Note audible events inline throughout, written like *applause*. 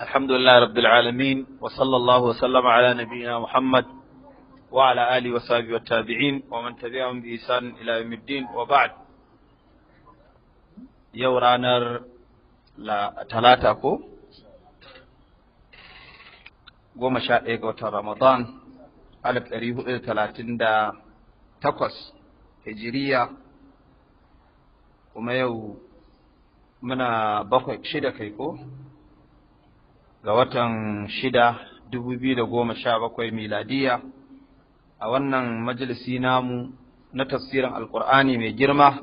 الحمد لله رب العالمين وصلى الله وسلم على نبينا محمد وعلى آله وصحبه والتابعين ومن تبعهم بإحسان إلى يوم الدين وبعد يورانر لا تلاتاكو كو goma sha ɗaya ga watan Ramadan alif ɗari وما يو منا da takwas كيكو ga watan shida dubu biyu da goma sha bakwai miladiya a wannan majalisi namu na tafsirin alkur'ani mai girma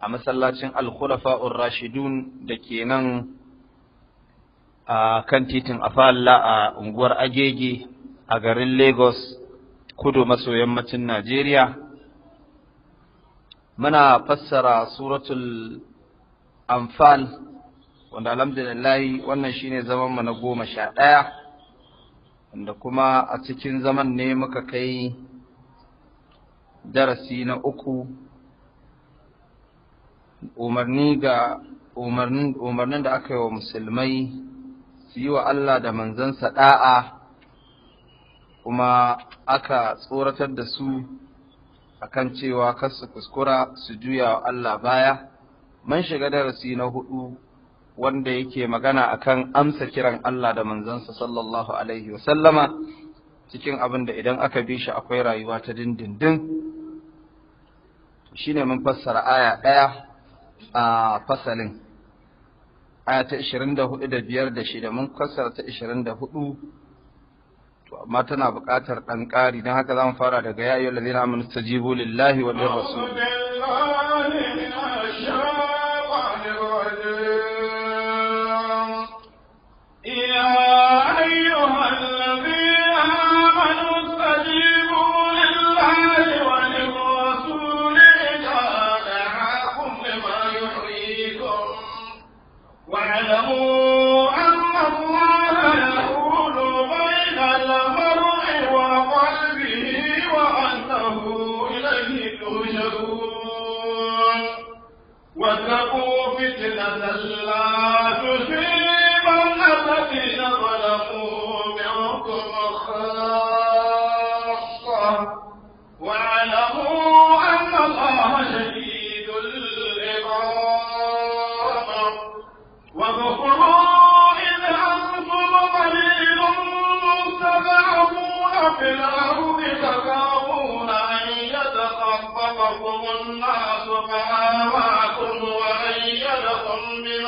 a masallacin alkhulafa'ur rashidun da ke nan a kan titin afalla a unguwar agege a garin lagos kudu maso yammacin najeriya muna fassara suratul anfal wanda alhamdulillahi wannan shine zaman mu na goma sha ɗaya wanda kuma a cikin zaman ne muka kai darasi na uku umarni ga umarnin da aka yi wa musulmai su yi wa Allah da manzansa ɗa'a kuma aka tsoratar da su akan cewa kar su kuskura su juya wa Allah baya man shiga darasi na hudu wanda yake magana akan amsa kiran Allah da manzansa sallallahu alaihi wa sallama, cikin abin da idan aka bi shi akwai rayuwa ta dindindin shine mun fassara aya ɗaya a fasalin aya ta 24 da biyar da shida mun fassara ta 24 to amma tana buƙatar ɗan ƙari don haka za mu fara daga ya ayyuhal ladina amanu tajibu lillahi wa lirrasul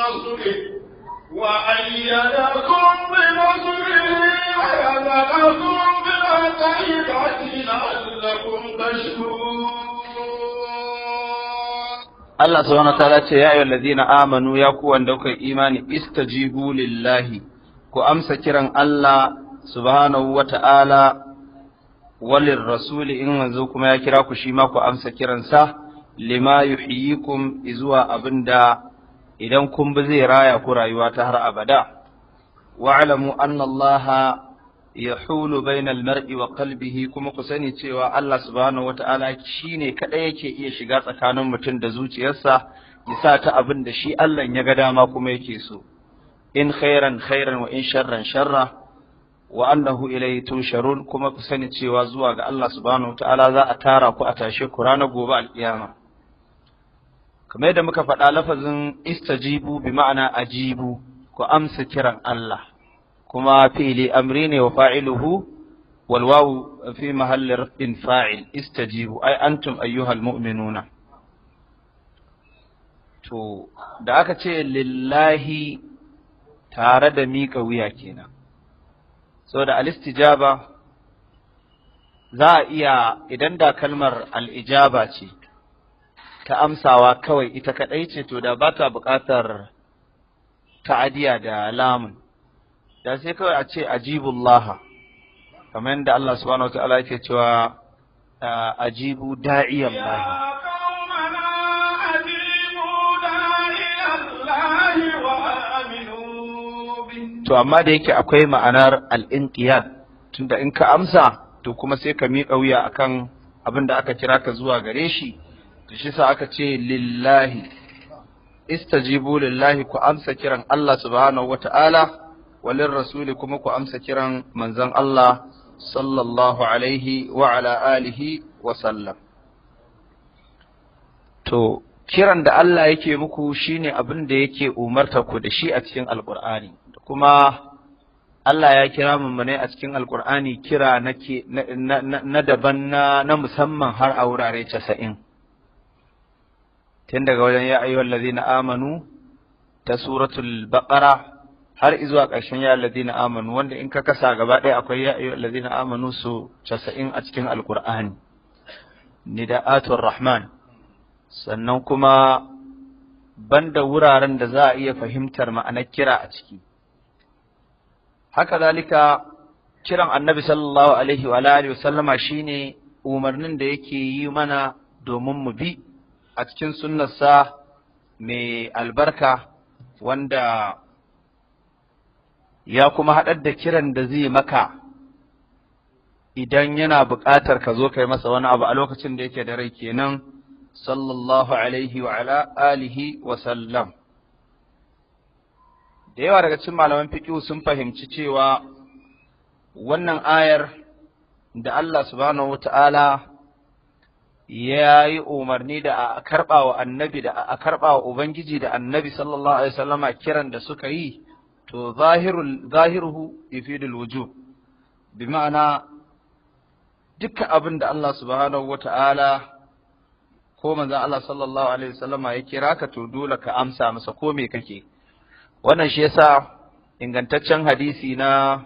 بنصره وأيدكم بنصره وحملكم بالعتيبة لعلكم تشكرون Allah subhanahu wataala ce ya ayyuhal ladina amanu ya ku wanda kuka imani istajibu lillahi ku amsa kiran Allah subhanahu wataala walir rasuli in manzo kuma ya kira ku shi ma ku amsa kiransa lima yu'hiyikum, izuwa abin da. idan kun bi zai raya ku rayuwa ta har abada waalamu anna Allah hulu bainal mar'i wa qalbihi kuma ku sani cewa Allah subhanahu wata'ala shine kadai yake iya shiga tsakanin mutum da zuciyarsa ya sa ta abin da shi Allah ya ga dama kuma yake so in khairan khairan wa in sharran sharra wa annahu ilayhi tusharun kuma ku sani cewa zuwa ga Allah subhanahu wata'ala za a tara ku a tashe ku ranar gobe alkiyama kamar yadda muka faɗa lafazin istajibu bi ma'ana ajibu ku amsa kiran Allah kuma fi'li amri ne wa fa'iluhu wal wawu fi mahalli rafin fa'il istajibu ai antum ayyuhal mu'minuna to da aka ce lillahi tare da mika wuya kenan so da alistijaba za a iya idan da kalmar al'ijaba ce ta amsawa kawai ita kaɗai ce to da ba ta buƙatar ta'adiya da lamun da sai kawai a ce Laha, kamar yadda Allah subhanahu wa ta'ala yake cewa ajibu da'iyan lahi to amma da yake akwai ma'anar al'inqiyad tunda in ka amsa to kuma sai ka miƙa wuya akan abin da aka kira ka zuwa gare shi shi sa aka ce lillahi istajibu lillahi ku amsa kiran Allah subhanahu wata'ala walin rasuli kuma ku amsa kiran manzon Allah sallallahu alaihi wa ala alihi wa sallam to kiran da Allah yake muku shine abin da yake umarta ku da shi a cikin alqur'ani kuma Allah ya kira mu mummune a cikin Alƙur'ani kira na daban na musamman har a wurare casa'in. tun daga wajen ya ladina amanu ta suratul baqara har izuwa ƙarshen ya ladina amanu wanda in ka kasa gaba ɗaya akwai ya ayyuhal ladina amanu su a cikin alkur'ani nida'atul rahman sannan kuma banda wuraren da za a iya fahimtar ma'anar kira a ciki haka zalika kiran annabi sallallahu alaihi wa alihi wasallama shine umarnin da yake yi mana domin mu bi a cikin sunnarsa mai albarka wanda ya kuma haɗar da kiran da zai maka idan yana buƙatar ka zo kai masa wani abu a lokacin da yake da rai kenan sallallahu alaihi wa ala alihi wa sallam da yawa daga cikin malaman fiqh sun fahimci cewa wannan ayar da Allah subhanahu wata'ala ya yi umarni da a karɓa wa annabi da a karɓa wa Ubangiji da annabi sallallahu Alaihi wasallama kiran da suka yi, to zahiruhu ifidul wujub bi ma'ana duka abin da Allah subhanahu wa ta'ala ko manzan Allah sallallahu Alaihi wasallama ya kira ka to dole ka amsa masa ko me kake. Wannan shi yasa ingantaccen hadisi na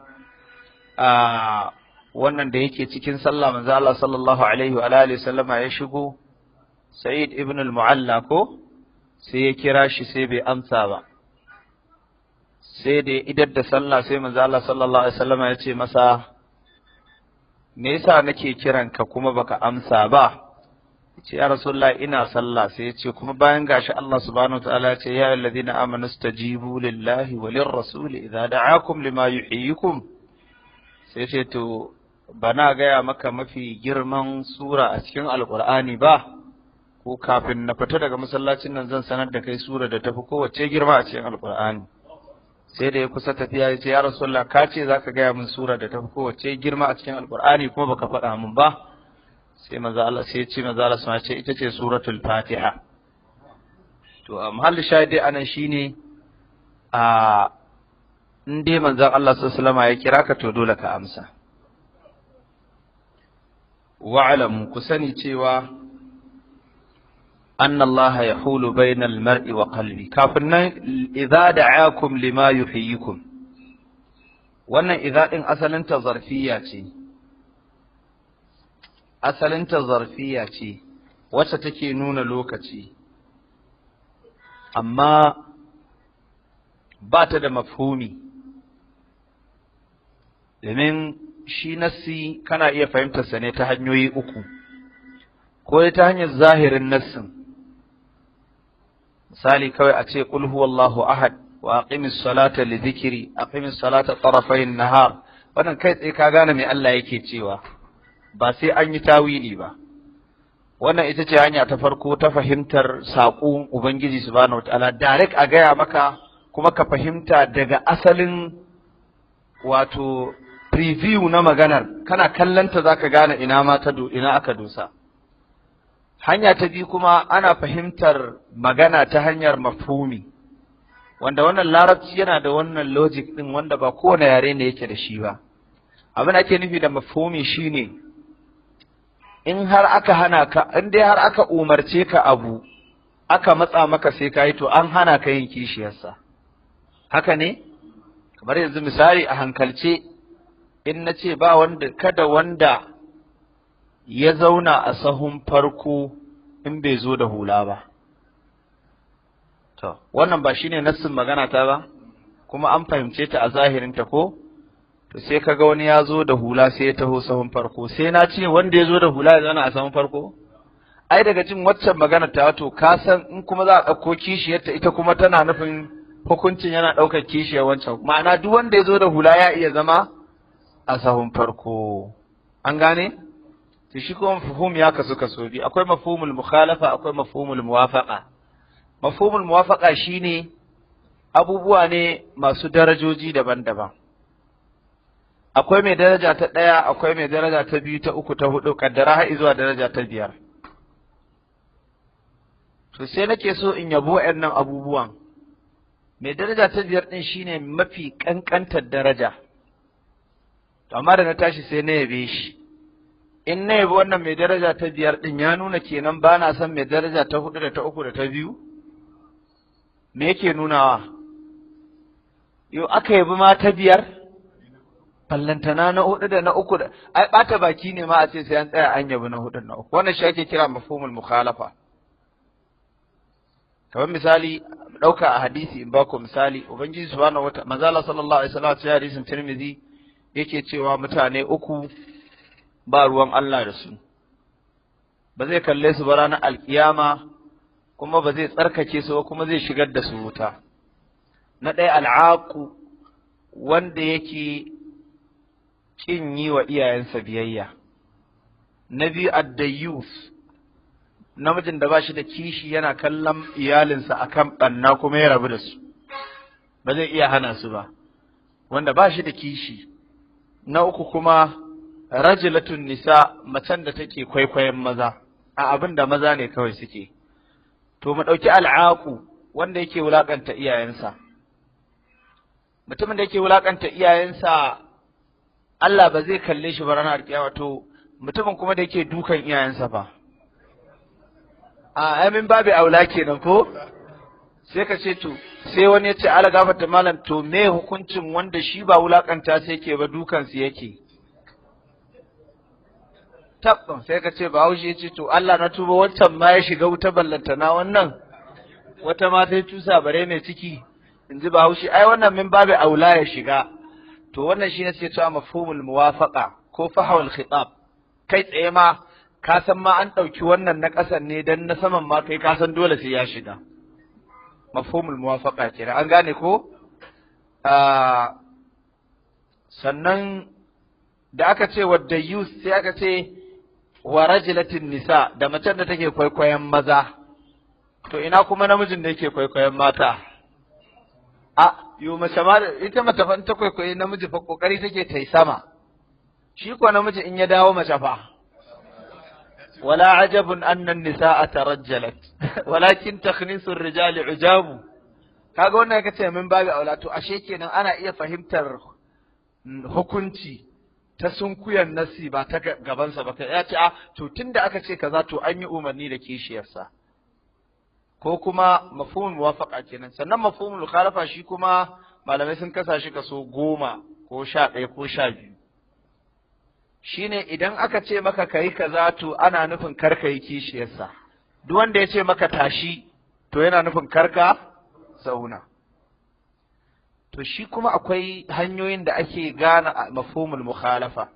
ah, wannan da yake cikin sallah manzo Allah sallallahu alaihi wa alihi sallama ya shigo Sa'id ibn al-Mu'alla ko sai ya kira shi sai bai amsa ba sai da idar da sallah sai manzo Allah sallallahu alaihi sallama ya ce masa me yasa nake kiranka kuma baka amsa ba ce ya rasulullah ina sallah sai ya ce kuma bayan gashi Allah subhanahu wa ta'ala ya ce ya alladhina amanu stajibu lillahi wa lirrasuli idza da'akum lima yuhyikum sai ce to ba na gaya maka mafi girman sura a cikin alkur'ani ba ko kafin na fita daga masallacin nan zan sanar da kai sura da tafi kowace girma a cikin alkur'ani sai da ya kusa tafiya ya ce ya rasulullah ka ce zaka gaya min sura da tafi kowace girma a cikin alkur'ani kuma baka faɗa min ba sai maza Allah sai ya ce maza Allah ce ita ce suratul fatiha to a mahalli shahidi anan shine a in dai manzon Allah sallallahu alaihi wasallam ya kira ka to dole ka amsa wa'lamu ku sani cewa anna Allah yahulu bainal mar'i wa qalbi kafin nan idza da'akum lima yuhyikum wannan idza din asalin zarfiya ce Asalinta zarfiya ce wacce take nuna lokaci amma ba ta da mafhumi domin shi nassi kana iya fahimtar sa ne ta hanyoyi uku ko ta hanyar zahirin nassin misali kawai a ce qul huwallahu ahad wa aqimis salata li dhikri aqimis salata tarafayn nahar wannan kai tsaye ka gane me Allah yake cewa ba sai an yi tawili ba wannan ita ce hanya ta farko ta fahimtar saƙon ubangiji subhanahu wataala direct a gaya maka kuma ka fahimta daga asalin wato preview na maganar kana kallanta zaka gane ina ma ta ina aka dosa hanya ta biyu kuma ana fahimtar magana ta hanyar mafhumi wanda wannan larabci yana da wannan logic din wanda ba kowane yare ne yake da shi ba abin ake nufi da mafhumi shine in har aka hana ka in dai har aka umarce ka abu aka matsa maka sai ka yi to an hana ka yin kishiyarsa haka ne kamar yanzu misali a hankalce in na ce ba wanda kada wanda ya zauna a sahun farko in bai zo da hula ba to wannan ba shine nassin magana ta ba kuma an fahimce ta a zahirinta ko to sai kaga wani ya zo da hula sai ya taho sahun farko sai na ce wanda ya zo da hula ya zauna a sahun farko ai daga jin waccan magana ta wato ka san in kuma za a ɗauko kishiyarta ita kuma tana nufin hukuncin yana ɗaukar kishiyar wancan ma'ana duk wanda ya zo da hula ya iya zama a sahun farko an gane to shi kuma mafhum ya kasu kaso biyu akwai mafhumul mukhalafa akwai mafhumul muwafaqa mafhumul muwafaqa shine abubuwa ne masu darajoji daban-daban akwai mai daraja ta ɗaya akwai mai daraja ta biyu ta uku ta hudu kaddara har zuwa daraja ta biyar to sai nake so in yabo waɗannan abubuwan mai daraja ta biyar ɗin shine mafi ƙanƙantar daraja to amma da na tashi sai na yabe shi in na yabi wannan mai daraja ta biyar din ya nuna kenan ba na son mai daraja ta hudu da ta uku da ta biyu me yake nunawa yau aka yabi ma ta biyar ballantana na hudu da na uku da ai bata baki ne ma a ce sai an tsaya an yabi na hudu na uku wannan shi ake kira mafhumul mukhalafa kamar misali ɗauka a hadisi in ba ku misali ubangiji subhanahu wata manzala sallallahu alaihi wasallam ya hadisin tirmidhi yake cewa mutane uku ba ruwan Allah da su ba zai kalle su ba ranar alkiyama kuma ba zai tsarkake su ba kuma zai shigar da su wuta na ɗaya al'aku wanda yake ƙin yi wa iyayensa biyayya na biyu addayyus namijin da ba shi da kishi yana kallon iyalinsa a kan ɓanna kuma ya rabu da su ba zai iya hana su ba wanda ba shi da kishi na uku kuma rajilatun nisa macen da take kwaikwayon maza a abin da maza ne kawai suke to mu ɗauki al'aku wanda yake wulaƙanta iyayensa mutumin da yake wulaƙanta iyayensa Allah ba zai kalle shi ba ranar kiyama to mutumin kuma da yake dukan iyayensa ba a amin babu aula kenan ko sai ka ce to sai wani ya ce ala gafarta malam to me hukuncin wanda shi ba wulakanta sai ke ba dukansu yake tabban sai ka ce haushi ya ce to Allah na tuba wancan ma ya shiga wuta ballanta na wannan wata ma ta cusa bare ne ciki in ji haushi, ai wannan min babu aula ya shiga to wannan shi ne sai cewa mafhumul muwafaqa ko fahawul khitab kai tsaye ma ka san ma an ɗauki wannan na ƙasan ne dan na saman ma kai ka san dole sai ya shiga mafhumul muwafaqa ce an gane ko ah, sannan da aka ce wa yus sai aka ce wa rajulatin nisa da macen da take kwaikwayon maza to ina kuma namijin da yake kwaikwayon mata a yo mace ma ita mace fa ta kwaikwayi namiji fa kokari take tai sama shi ko namiji in ya dawo mace fa ولا عجب أن النساء ترجلت *laughs* ولكن تخنيس الرجال عجاب kaga wannan ka ce min babu aula to ashe kenan ana iya fahimtar hukunci ta sunkuyan nasi ba ta gabansa ba ya ce a to tunda aka ce kaza to an yi umarni da kishiyarsa ko kuma mafhumul muwafaqa kenan sannan mafhumul khalafa shi kuma malamai sun kasa shi kaso goma ko sha ɗaya ko sha biyu shine idan aka ce maka kayi kaza to ana nufin karka yi kishiyarsa duk wanda ya ce maka tashi to yana nufin karka zauna to shi kuma akwai hanyoyin da ake gane mafhumul mukhalafa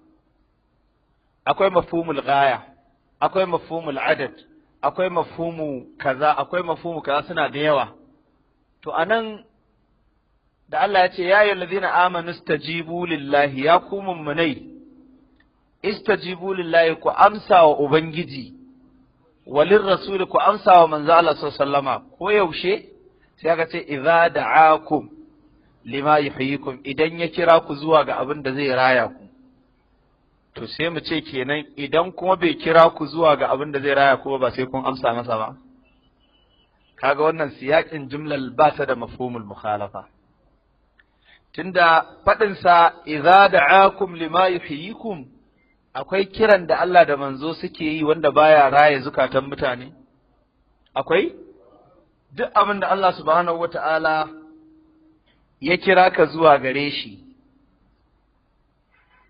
akwai mafhumul gaya akwai mafhumul adad akwai mafhumu kaza akwai mafhumu kaza suna da yawa to anan da Allah ya ce ya ayyuhallazina amanu stajibu lillahi ya kumun munai istajibu lillahi ku amsa wa ubangiji walin rasuli ku amsa wa manzo Allah sallama ko yaushe sai aka ce idza da'akum lima yuhyikum idan ya kira ku zuwa ga abin da zai raya ku to sai mu ce kenan idan kuma bai kira ku zuwa ga abin da zai raya ku ba sai kun amsa masa ba kaga wannan siyakin jumlal ba ta da mafhumul mukhalafa tunda sa idza da'akum lima yuhyikum akwai kiran da Allah da manzo suke yi wanda baya raye zukatan mutane akwai duk abin da Allah subhanahu wata'ala ya kira ka zuwa gare shi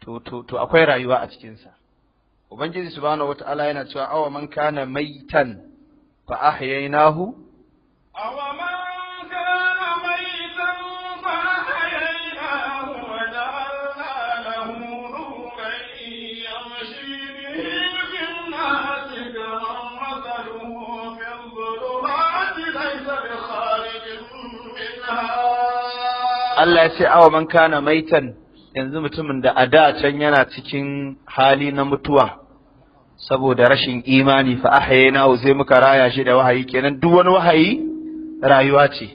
to to to akwai rayuwa a cikin sa ubangiji subhanahu wata'ala yana cewa awa kana maitan fa ahyaynahu awaman Allah ya ce awa man kana maitan yanzu mutumin da a da can yana cikin hali na mutuwa saboda rashin imani fa ahyayna zai muka raya shi da wahayi kenan duk wani wahayi rayuwa ce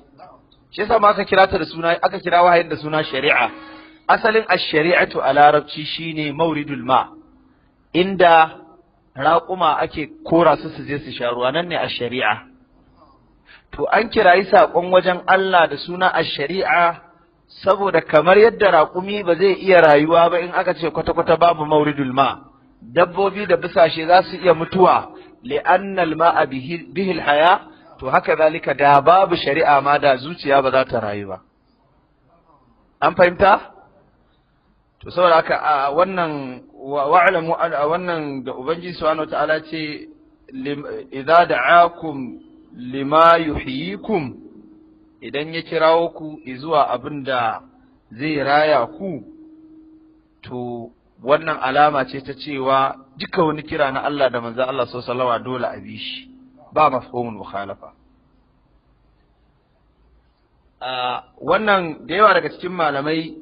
shi yasa ma aka kira ta da suna aka kira wahayin da suna shari'a asalin ash-shari'atu a larabci shine mauridul ma inda raƙuma ake kora su su je su sha nan ne ash-shari'a to an kirayi saƙon wajen Allah da suna ash-shari'a saboda kamar yadda raƙumi ba zai iya rayuwa ba in aka ce kwata-kwata babu mauridul ma dabbobi da bisashe za su iya mutuwa li'annal a bihil haya to haka zalika da babu shari'a ma da zuciya ba za ta rayu ba an fahimta to saboda haka a wannan wa'alamu a wannan da ubangiji subhanahu ta'ala ce idza da'akum lima yuhyikum idan ya kirawo ku zuwa abin da zai raya ku to wannan alama ce ta cewa duka wani kira na Allah da manzon Allah sallallahu alaihi dole a bi shi ba mafhumul mukhalafa wannan da yawa daga cikin malamai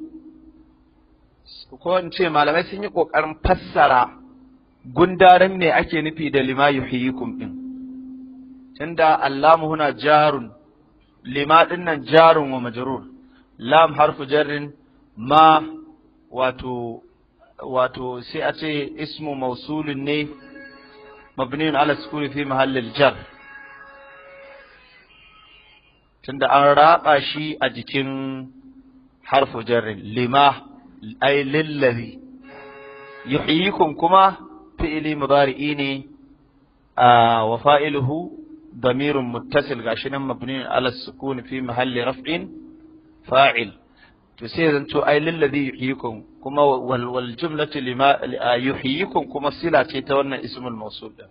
ko ce malamai sun yi ƙoƙarin fassara gundarin ne ake nufi da lima yuhyikum din tunda Allahu huna jarun lima ɗin nan jarin wa majarur lam harfu jarrin ma wato sai a ce ismu mausulin ne mabniun ala sukuni fi mahallil jar tunda an raba shi a jikin harfu jarrin lima ay lillazi yuhyikum kuma fi'ili mudari'i ne wa fa'iluhu ضمير متصل عشان مبني على السكون في محل رفع فاعل تصير انتو اي للذي يحييكم كما والجملة لما آه، يحييكم كما صلة تتولى اسم الموصول ده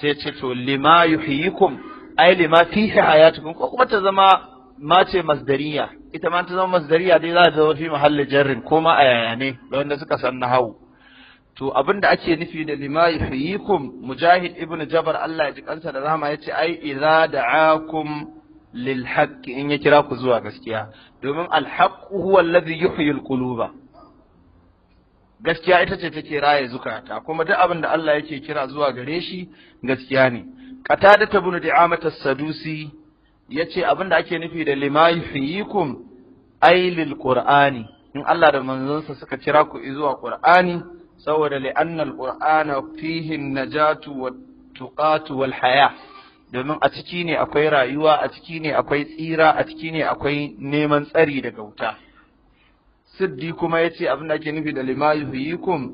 سيتشتو لما يحييكم اي لما فيه حياتكم كما تزما ما تي مصدرية ita ma ta zama masdariya dai za ta zama fi mahallin jarrin ko ma a yaya da wanda suka san na to abin da ake nufi da lima yuhyikum mujahid ibnu jabar Allah ya ji kansa da rahama yace ai idza da'akum lil haqq in ya kira ku zuwa gaskiya domin al haqq huwa alladhi yuhyi al quluba gaskiya ita ce take raye zukata kuma duk abin da Allah yake kira zuwa gare shi gaskiya ne qatada ta di'amat as-sadusi yace abin da ake nufi da lima yuhyikum ai lil qur'ani in Allah da manzonsa suka kira ku zuwa qur'ani saboda li'annal qur'ana fihi najatu wat tuqatu wal haya domin a ciki ne akwai rayuwa a ciki ne akwai tsira a ciki ne akwai neman tsari daga wuta siddi kuma yace abin da ake nufi da lima yuhyikum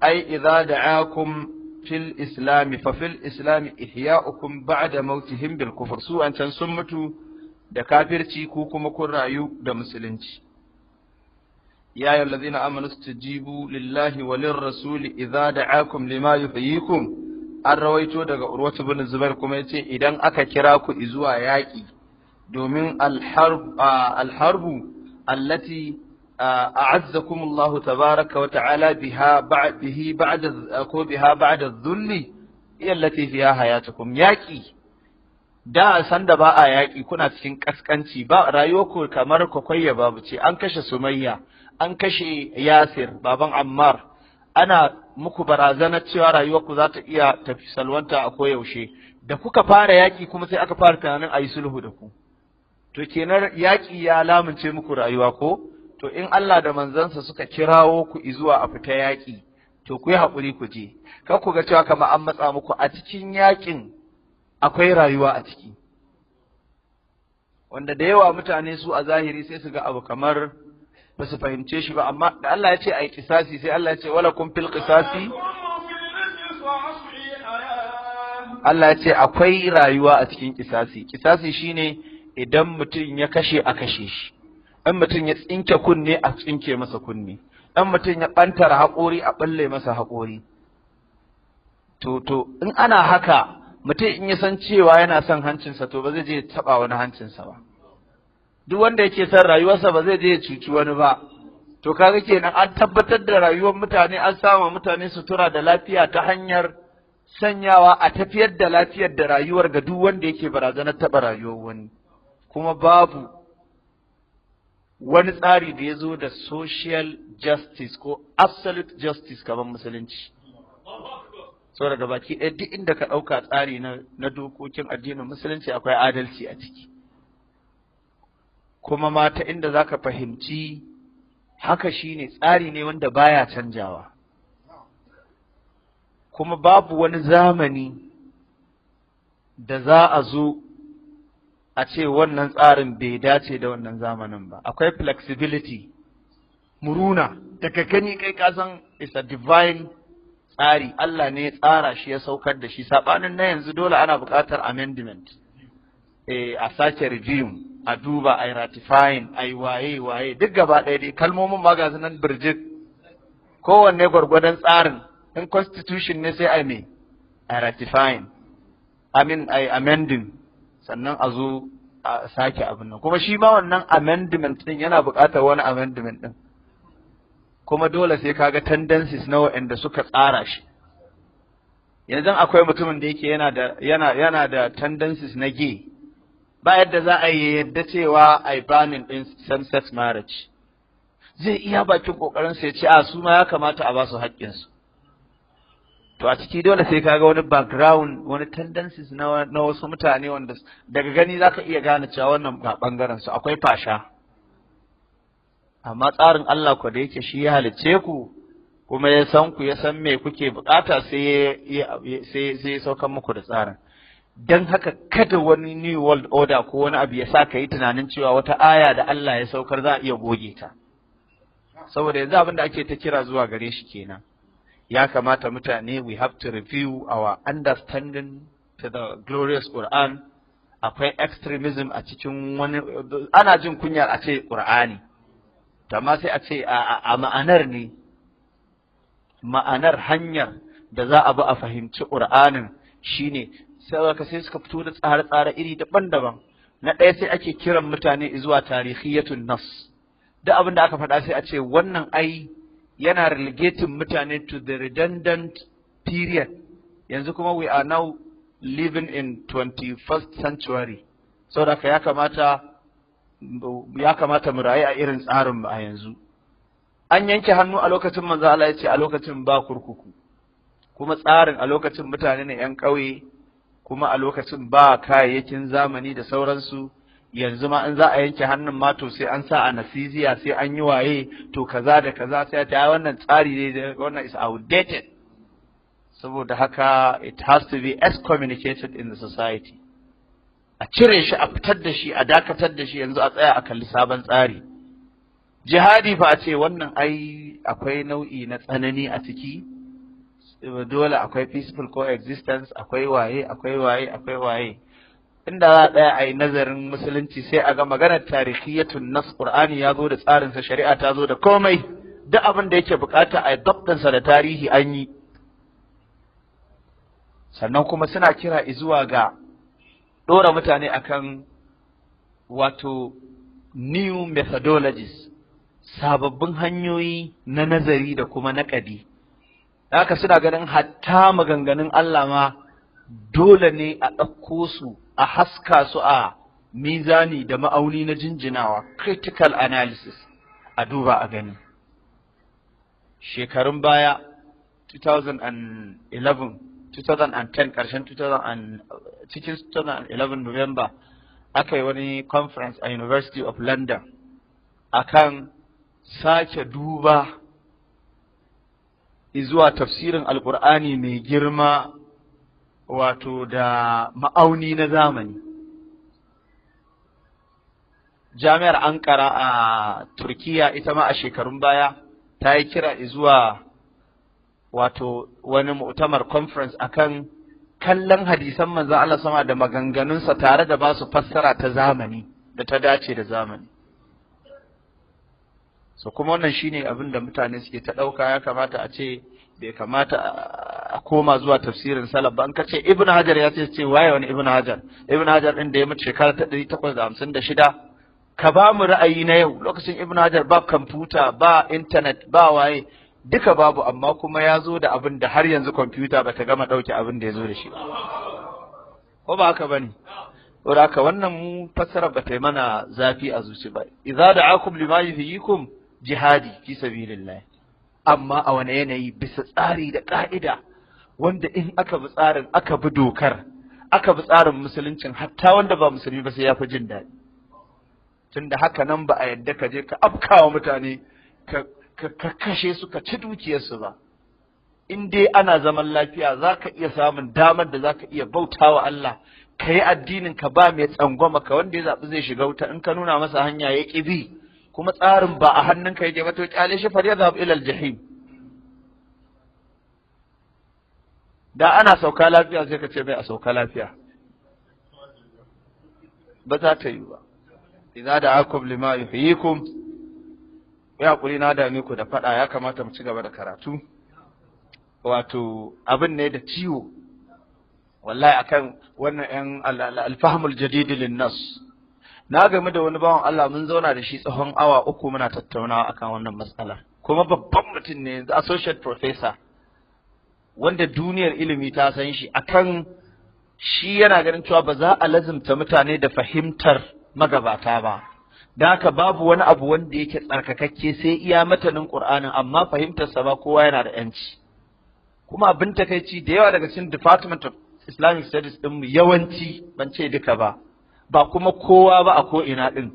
ai idza da'akum fil islam fa fil islam ihya'ukum ba'da mautihim bil kufr su an can sun mutu da kafirci ko kuma kun rayu da musulunci يا أيها الذين آمنوا استجيبوا لله وللرسول إذا دعاكم لما يحييكم an rawaito daga urwatu bin zubair kuma yace idan aka kira ku zuwa yaƙi domin alharbu allati a'azzakum Allah tabaraka wa ta'ala biha bihi ba'da ko biha ba'da dhulli allati fiha hayatukum yaƙi da sanda ba a yaƙi kuna cikin kaskanci ba rayuwarku kamar kwakwayya babu ce an kashe sumayya an kashe yasir baban ammar ana muku barazanar cewa rayuwarku za ta iya tafi salwanta a koyaushe da kuka fara yaƙi kuma sai aka fara tunanin a yi sulhu da ku to kenan yaƙi ya lamunce muku rayuwa ko to in Allah da manzansa suka kirawo ku izuwa a fita yaƙi to ku yi haƙuri ku je kar ku ga cewa kamar an matsa muku a cikin yaƙin akwai rayuwa a ciki wanda da yawa mutane su a zahiri sai su ga abu kamar ba su fahimce shi ba amma da Allah ya ce a yi kisasi sai Allah ya ce wala kun fil kisasi Allah ya ce akwai rayuwa a cikin kisasi kisasi shine idan mutum ya kashe a kashe shi in mutum ya tsinke kunne a tsinke masa kunne in mutum ya bantara haƙori a balle masa haƙori to to in ana haka mutum in ya san cewa yana son hancinsa to ba zai je taɓa wani hancinsa ba duk wanda yake son rayuwarsa ba zai je ya cuci wani ba to kaga kenan an tabbatar da rayuwar mutane an sama mutane tura da lafiya ta hanyar sanyawa a tafiyar da lafiyar da rayuwar ga duk wanda yake barazanar taɓa rayuwar wani kuma babu wani tsari da ya zo da social justice ko absolute justice kamar musulunci saboda baki ɗaya duk inda ka ɗauka tsari na dokokin addinin musulunci akwai adalci a ciki kuma mata inda zaka fahimci haka shi ne tsari ne wanda baya canjawa kuma babu wani zamani da za a zo a ce wannan tsarin bai dace da wannan zamanin ba akwai flexibility muruna daga gani kai kasan is a divine tsari Allah ne ya tsara shi ya saukar da shi saɓanin na yanzu dole ana buƙatar amendment eh a sake review a duba ai ratifying ai waye waye duk gaba ɗaya dai kalmomin ma ga nan birjit kowanne gwargwadon tsarin in constitution ne sai ai me ai ratifying amin a ai amending sannan a zo a sake abin nan kuma shi ma wannan amendment din yana buƙatar wani amendment din kuma dole sai kaga tendencies na waɗanda suka tsara shi yanzu akwai mutumin da yake yana da yana yana da tendencies na gay ba yadda za a yi yadda cewa a yi banin ɗin same sex marriage zai iya bakin ƙoƙarinsa ya ce a su ma ya kamata a ba su haƙƙinsu to a ciki dole sai kaga wani background wani tendencies na, na wasu mutane wanda daga gani za ka iya gane cewa wannan ga ɓangaren su akwai fasha amma tsarin Allah ku da yake shi ya halicce ku kuma ya san ku ya san me kuke bukata sai ya saukan muku da tsarin don haka kada wani new world order ko wani abu ya sa ka yi tunanin cewa wata aya da Allah ya saukar za a iya goge ta saboda yanzu abin da ake ta kira zuwa gare shi kenan ya kamata mutane we have to review our understanding to the glorious Quran akwai extremism a cikin wani ana jin kunya a ce Qur'ani amma sai a ce a ma'anar ne ma'anar hanyar da za a bi a fahimci Qur'anin shine sai aka sai suka fito da tsare-tsare iri daban-daban na ɗaya sai ake kiran mutane zuwa tarihiyatun nas duk abin da aka faɗa sai a ce wannan ai yana relegating mutane to the redundant period yanzu kuma we are now living in 21st century saboda ka ya kamata ya kamata mu rayu a irin tsarin mu a yanzu an yanke hannu a lokacin manzo Allah ya ce a lokacin ba kurkuku kuma tsarin a lokacin mutane ne yan ƙauye kuma a lokacin ba kayayyakin zamani da sauransu yanzu ma in za a yanke hannun ma to sai an sa anesthesia sai an yi waye to kaza da kaza sai a ta wannan tsari ne da wannan is outdated saboda haka it has to be excommunicated in the society a cire shi a fitar da shi a dakatar da shi yanzu a tsaya a kalli sabon tsari jihadi fa a ce wannan ai akwai nau'i na tsanani a ciki dole akwai peaceful coexistence akwai waye akwai waye akwai waye inda za ɗaya a yi nazarin musulunci sai a ga maganar tarihiyatun nas qur'ani ya zo da tsarinsa shari'a ta zo da komai duk abin da yake bukata a dabtansa da tarihi an yi sannan kuma suna kira izuwa ga ɗora mutane akan wato new methodologies sababbin hanyoyi na nazari da kuma na ƙadi. haka suna ganin hatta maganganun Allah ma dole ne a ɗauko su a haska su a mizani da ma'auni na jinjinawa critical analysis a duba a gani shekarun baya 2011 2010 ƙarshen cikin 2011 November aka yi wani conference a University of London akan sake duba izuwa tafsirin alkur'ani mai girma wato da ma'auni na zamani jami'ar ankara a turkiya ita ma a shekarun baya ta yi kira izuwa wato wani mu'tamar conference akan kallon hadisan manzon Allah sama da maganganunsa tare da ba su fassara ta zamani da ta dace da zamani so kuma wannan ne abin da mutane suke ta ɗauka ya kamata a ce bai kamata a koma zuwa tafsirin salaf ba an ka ce ibn hajar ya ce ce waye wani ibn hajar ibn hajar din da ya mutu shekara ta ɗari takwas da hamsin da shida ka ba mu ra'ayi na yau lokacin ibn hajar ba kwamfuta ba intanet ba waye duka babu amma kuma ya zo da abin da har yanzu kwamfuta ba ta gama ɗauke abin da ya zo da shi ko ba haka bane saboda haka wannan mu fassara ba ta yi mana zafi a zuci ba idza da'akum lima yuhyikum jihadi fi sabilillah amma a wani yanayi bisa tsari da ka'ida wanda in aka bi tsarin aka bi dokar aka bi tsarin musuluncin hatta wanda ba musulmi ba sai ya fi jin daɗi tunda haka nan ba a yadda ka je ka afkawa mutane ka kashe su ka ci dukiyarsu ba in dai ana zaman lafiya za ka iya samun damar da za ka iya bauta wa Allah ka yi addinin ka ba mai tsangwama ka wanda ya zaɓi zai shiga wuta in ka nuna masa hanya ya ƙi bi kuma tsarin ba a hannunka yake ba to kyale shi fa yadhhab ila al-jahim da ana sauka lafiya sai ka ce mai a sauka lafiya ba za ta yi ba idza da'akum lima yuhyikum ya kuri na dame ku da fada ya kamata mu ci gaba da karatu wato abin ne da ciwo wallahi akan wannan yan al-fahmul jadid lin-nas na game da wani bawan Allah mun zauna da shi tsawon awa uku muna tattaunawa akan wannan matsalar kuma babban mutum ne associate professor wanda duniyar ilimi ta san shi akan shi yana ganin cewa ba za a lazimta mutane da fahimtar magabata ba da haka babu wani abu wanda yake tsarkakakke sai iya matanin ƙur'ani, amma fahimtarsa ba kowa yana da yanci kuma abin takaici da yawa daga cikin Department of Islamic Studies din mu yawanci ban ce duka ba ba kuma kowa ba a ko'ina ɗin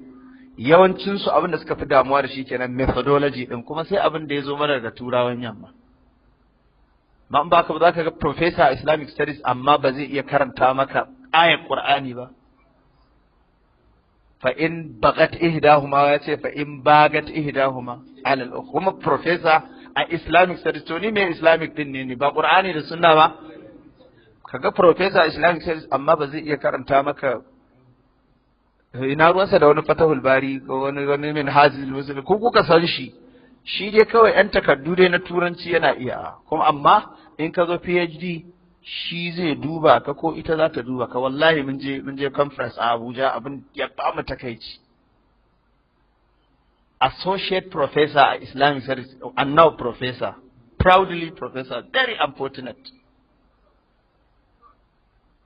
yawancinsu abin da suka fi damuwa da shi kenan methodology ɗin kuma sai abin da ya zo mana daga turawan yamma ma in baka ba za ka ga professor islamic studies amma ba zai iya karanta maka ayar qur'ani ba fa in bagat ihdahuma ya ce fa in bagat ihdahuma alal kuma professor a islamic studies to ni me islamic din ne ni ba qur'ani da sunna ba kaga professor islamic studies amma ba zai iya karanta maka ina ruwansa da wani fatahul bari ko wani wani min hazil musul ko kuka san shi shi dai kawai yan takardu dai na turanci yana iya kuma amma in ka zo PhD shi zai duba ka ko ita za ta duba ka wallahi mun je mun je conference a Abuja abin ya ba mu takaici associate professor a Islamic studies and now professor proudly professor very unfortunate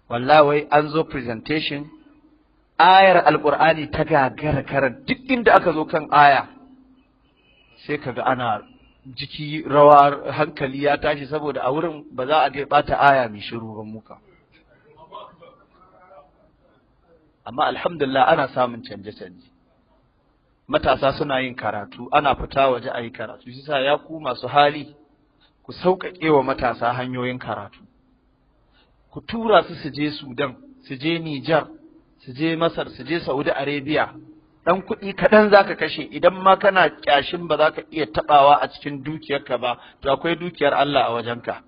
wallahi an zo presentation ayar alƙur'ani ta gagara karan duk inda aka zo kan aya sai kaga ana jiki rawa hankali ya tashi saboda a wurin ba za a bata aya mai shiru ba muka amma alhamdulillah ana samun canje-canje matasa suna yin karatu ana fita waje a yi karatu shi sa ya ku masu hali ku sauƙaƙe wa matasa hanyoyin karatu ku tura su su je Sudan su je Nijar su je Masar su je Saudi Arabia dan kuɗi kaɗan za ka kashe idan ma kana ƙyashin ba za ka iya taɓawa a cikin dukiyarka ba to akwai dukiyar Allah a wajenka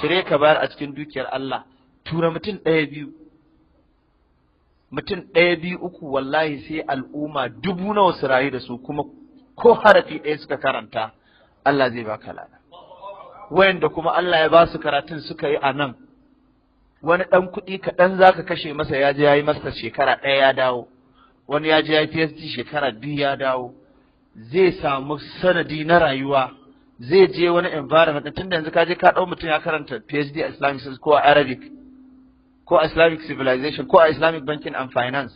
cire ka bayar a cikin dukiyar Allah tura mutum ɗaya biyu mutum ɗaya biyu uku wallahi sai al'umma dubu nawa su rayu da su kuma ko harafi ɗaya suka karanta Allah zai baka lada wayanda kuma Allah ya ba su karatun suka yi a nan wani ɗan kuɗi kaɗan za ka kashe masa ya je ya yi masa shekara ɗaya ya dawo wani ya je ya yi PhD shekara biyu ya dawo zai samu sanadi na rayuwa zai je wani environment tun da yanzu ka je ka ɗau mutum ya karanta PhD a Islamic ko a Arabic ko a Islamic Civilization ko a Islamic Banking and Finance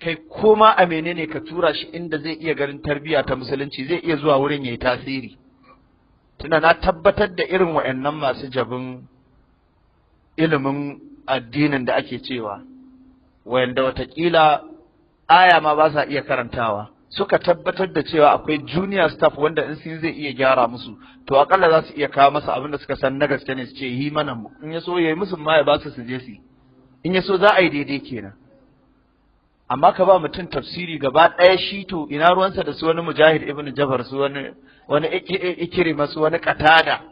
kai koma a menene ka tura shi inda zai iya garin tarbiyya ta musulunci zai iya zuwa wurin ya yi tasiri tunda na tabbatar da irin wa'annan masu jabin ilimin addinin da ake cewa wanda watakila aya ma ba sa iya karantawa suka tabbatar da cewa akwai junior staff wanda in sun zai iya gyara musu to akalla za su iya kawo masa abin da suka san na gaske ne su ce yi mana mu in ya yayi musu ma ya ba su su je su in ya za a yi daidai kenan amma ka ba mutum tafsiri gaba ɗaya shi to ina ruwansa da su wani mujahid ibn jabar su wani wani ikirima su wani katada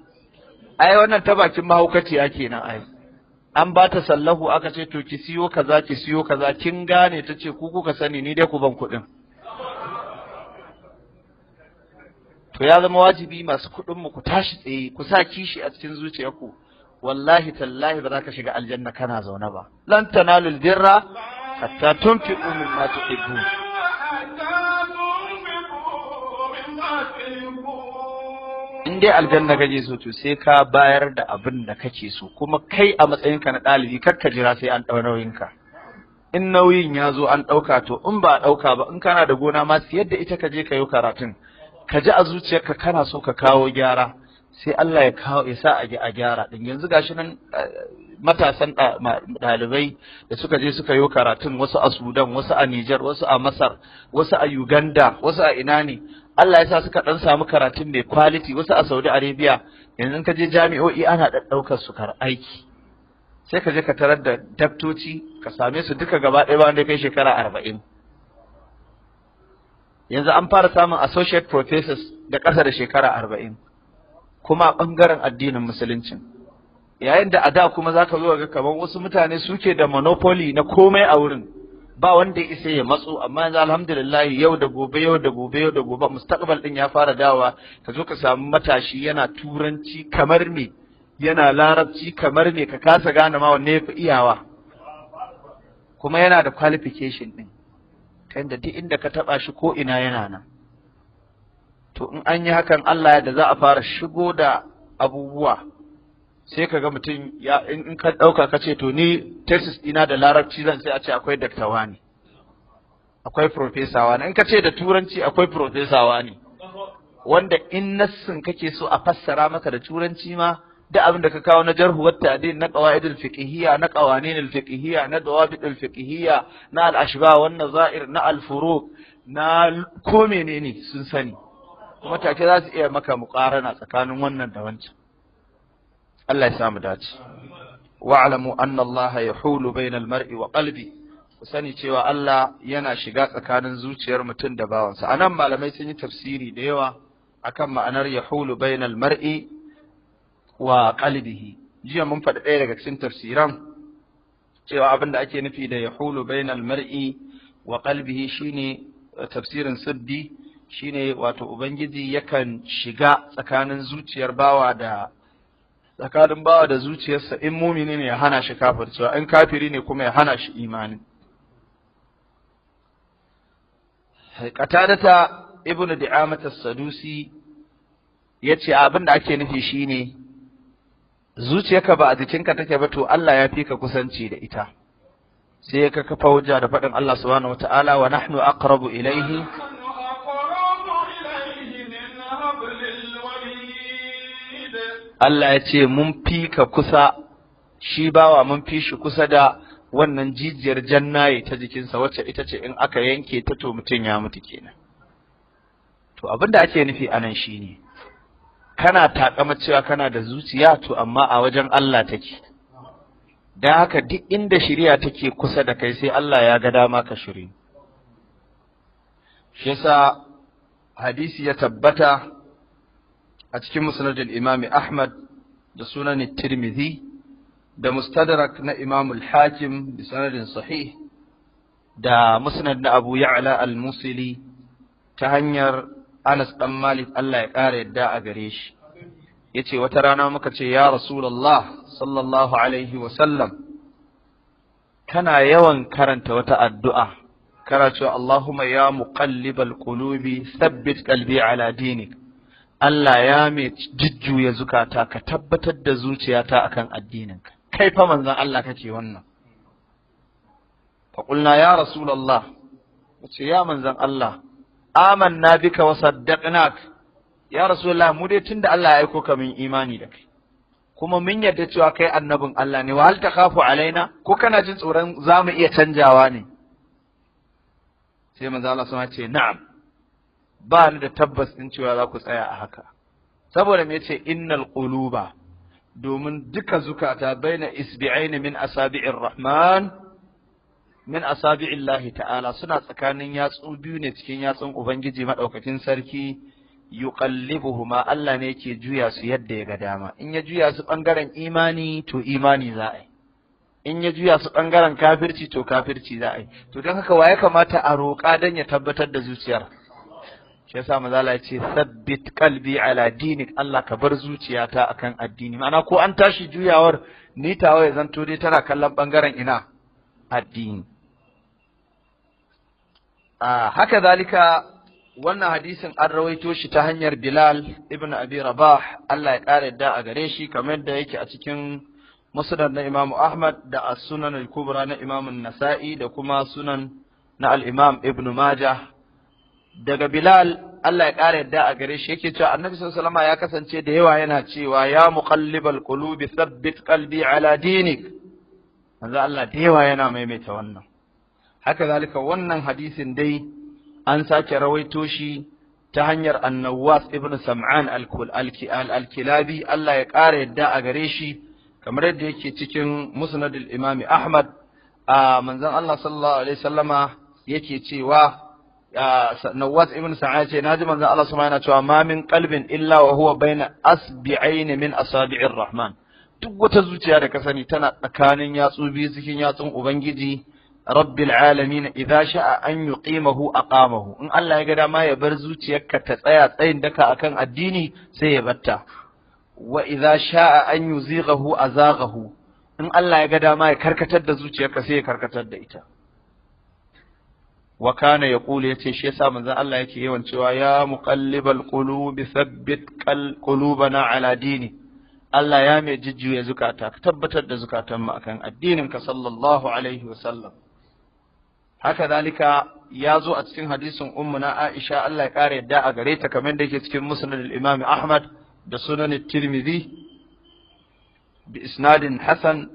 ai wannan ta bakin mahaukaci ake nan ai an ba ta sallahu aka ce to ki siyo kaza ki siyo kaza kin gane ta ce ku kuka sani ni dai ku ban kuɗin to ya zama wajibi masu kuɗin mu ku tashi tsaye ku sa kishi a cikin zuciyarku wallahi tallahi ba za ka shiga aljanna kana zaune ba lan tanalul dirra hatta tunfiqu mimma tuhibbu in dai aljanna je so to sai ka bayar da abin da kake so kuma kai a matsayinka na ɗalibi kar ka jira sai an ɗau ka. in nauyin ya zo an ɗauka to in ba a ɗauka ba in kana da gona ma siyar da ita ka je ka yi karatun ka ji a zuciyarka kana so ka kawo gyara sai Allah ya kawo ya sa a gyara din yanzu gashi nan eh, matasan ɗalibai da suka je suka yi karatun wasu a Sudan wasu a Niger, wasu a Masar wasu a Uganda wasu a ina ne Allah ya sa suka ɗan samu karatun mai quality wasu a Saudi Arabia yanzu ka je jami'o'i ana ɗaukar su kar aiki sai ka je ka tarar da daftoci ka same su duka gaba ɗaya bayan da kai shekara arba'in yanzu an fara samun associate professors da ƙasa da shekara arba'in kuma a ɓangaren addinin Musulunci. yayin da a da kuma za ka zo ga kamar wasu mutane suke da monopoly na komai a wurin ba wanda ya isa ya matsu, amma yanzu alhamdulillah yau da gobe yau da gobe yau da gobe mustaqbal din ya fara dawa ka zo ka samu matashi yana turanci kamar me yana larabci kamar me ka kasa gane ma wanne yafi iyawa kuma yana da qualification din ta yanda duk inda ka taba shi ko ina yana nan to in an yi hakan Allah ya da za a fara shigo da abubuwa sai ka ga mutum ya in ka ɗauka ka ce to ni thesis ɗina da larabci zan sai a ce akwai daktawa ne akwai profesawa ne in ka ce da turanci akwai profesawa ne wanda in nassin kake so a fassara maka da turanci ma da abin da ka kawo na jarhu wa ta'din na qawaidul fiqhiyya na qawaninul fiqhiyya na dawabidul fiqhiyya na al-ashba wa nazair na al-furuq na ko menene sun sani kuma take za su iya maka muqarana tsakanin wannan da wancan Allah ya samu dace wa'lamu anna Allah yahulu bainal mar'i wa ƙalbi. ku sani cewa Allah yana shiga tsakanin zuciyar mutum da bawansa anan malamai sun yi tafsiri da yawa akan ma'anar yahulu bainal mar'i wa ƙalbihi. jiya mun faɗi ɗaya daga cikin tafsiran cewa abin da ake nufi da yahulu bainal mar'i wa qalbihi shine eh, tafsirin siddi shine wato ubangiji yakan shiga tsakanin zuciyar bawa da tsakanin bawa da zuciyarsa in mumini ne ya hana shi kafircewa in kafiri ne kuma ya hana shi imani qatadata ibnu du'amat as-sadusi yace abin da ake nufi shine zuciyarka ba a jikinka take ba to Allah ya fi ka kusanci da ita sai ka kafa hujja da faɗin Allah subhanahu wataala wa nahnu aqrabu ilayhi Allah ya ce mun fi ka kusa shi bawa mun fi shi kusa da wannan jijiyar jannaye ta jikinsa wacce ita ce in aka yanke ta to mutum ya mutu kenan to abin da ake nufi anan shi ne. kana takama cewa kana da zuciya to amma a wajen Allah take dan haka duk inda shiriya take kusa da kai sai Allah ya ga dama ka shiri shi yasa hadisi ya tabbata a cikin musnadin imami Ahmad da sunan Tirmidhi da mustadrak na Imam al-Hakim da sanadin sahih da musnad na Abu Ya'la al-Musili ta hanyar Anas dan Malik Allah ya ƙara yadda a gare shi yace wata rana muka ce ya Rasulullah sallallahu alaihi wa sallam kana yawan karanta wata addu'a kana cewa Allahumma ya muqallibal qulubi thabbit qalbi ala dinik Allah ya mai jujjuya zukata ka tabbatar da zuciyata akan addininka kai fa manzon Allah kake wannan ya qulna ya rasulullah ce ya manzon Allah amanna bika wa saddaqnak ya rasulullah mu dai tunda Allah ya aiko ka min imani da kai kuma mun yarda cewa kai annabin Allah ne wa hal takhafu alaina ko kana jin tsoron zamu iya canjawa ne sai manzo Allah sama ce na'am ba ni da tabbas din cewa za ku tsaya a haka saboda me yace innal quluba domin duka zukata baina isbi'ain min asabi'ir rahman min asabi'illahi ta'ala suna tsakanin yatsu biyu ne cikin yatsun ubangiji madaukakin sarki yuqallibuhuma Allah ne yake juya su yadda ya ga dama in ya juya su bangaren imani to imani za a in ya juya su bangaren kafirci to kafirci za a to don haka waye kamata a roƙa don ya tabbatar da zuciyar shi yasa maza ya ce sabbit kalbi ala dinik Allah ka bar zuciyata akan addini ma'ana ko an tashi juyawar ni tawa ya zanto dai tana kallon bangaren ina addini a haka zalika wannan hadisin an rawaito shi ta hanyar Bilal ibn Abi Rabah Allah ya kare da a gare shi kamar yadda yake a cikin musnad na Imam Ahmad da as-Sunan al-Kubra na Imam An-Nasa'i da kuma sunan na al-Imam Ibn Majah daga Bilal Allah ya ƙara yadda a gare shi yake cewa Annabi sallallahu alaihi ya kasance da yawa yana cewa ya muqallibal qulubi thabbit qalbi ala dinik manzo Allah da yawa yana maimaita wannan haka zalika wannan hadisin dai an sake rawaito shi ta hanyar Annawas ibn Sam'an al-Kilabi Allah ya ƙara yadda a gare shi kamar yadda yake cikin musnadul Imami Ahmad a manzon Allah sallallahu alaihi wasallama yake cewa Nawwas ibn Sa'ad ce naji manzon Allah subhanahu yana cewa ma min qalbin illa wa huwa baina asbi'aini min asabi'ir rahman duk wata zuciya da ka sani tana tsakanin yatsu biyu cikin yatsun ubangiji rabbil alamin idza sha'a an yuqimahu aqamahu in Allah ya ga dama ya bar zuciyarka ta tsaya tsayin daka akan addini sai ya batta wa idza sha'a an yuzighahu azaghahu in Allah ya ga dama ya karkatar da zuciyarka sai ya karkatar da ita wa kana ya ce shi yasa manzon Allah yake yawan cewa ya muqallibal qulubi thabbit qulubana ala dini Allah ya mai jijjuya zukata ka tabbatar da zukatan mu akan addinin ka sallallahu alaihi wa sallam haka zalika ya zo a cikin hadisin ummuna Aisha Allah ya kare yadda a gare ta kamar da yake cikin musnad al-Imam Ahmad da sunan at-Tirmidhi bi isnadin hasan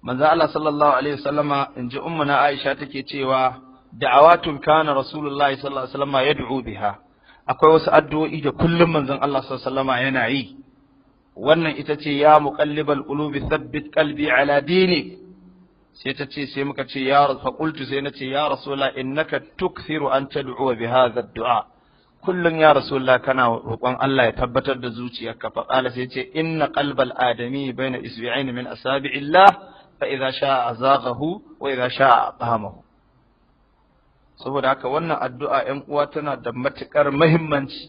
manzon Allah sallallahu alaihi wa sallama inji ummuna Aisha take cewa da'awatun kana rasulullahi sallallahu alaihi wasallam yad'u biha akwai wasu addu'o'i da kullum manzon Allah sallallahu alaihi wasallam yana yi wannan ita ce ya muqallibal qulubi thabbit qalbi ala dinik sai ta ce sai muka ce ya fa qultu sai nace ya rasulullah innaka tukthiru an tad'u bi hadha ad-du'a kullum ya rasulullah kana roƙon Allah ya tabbatar da zuciyarka fa qala sai ce inna qalbal adami baina isbi'ain min asabi'illah fa a sha'a azaghahu wa idza sha'a atamahu saboda haka wannan addu'a ‘yan uwa tana da matuƙar mahimmanci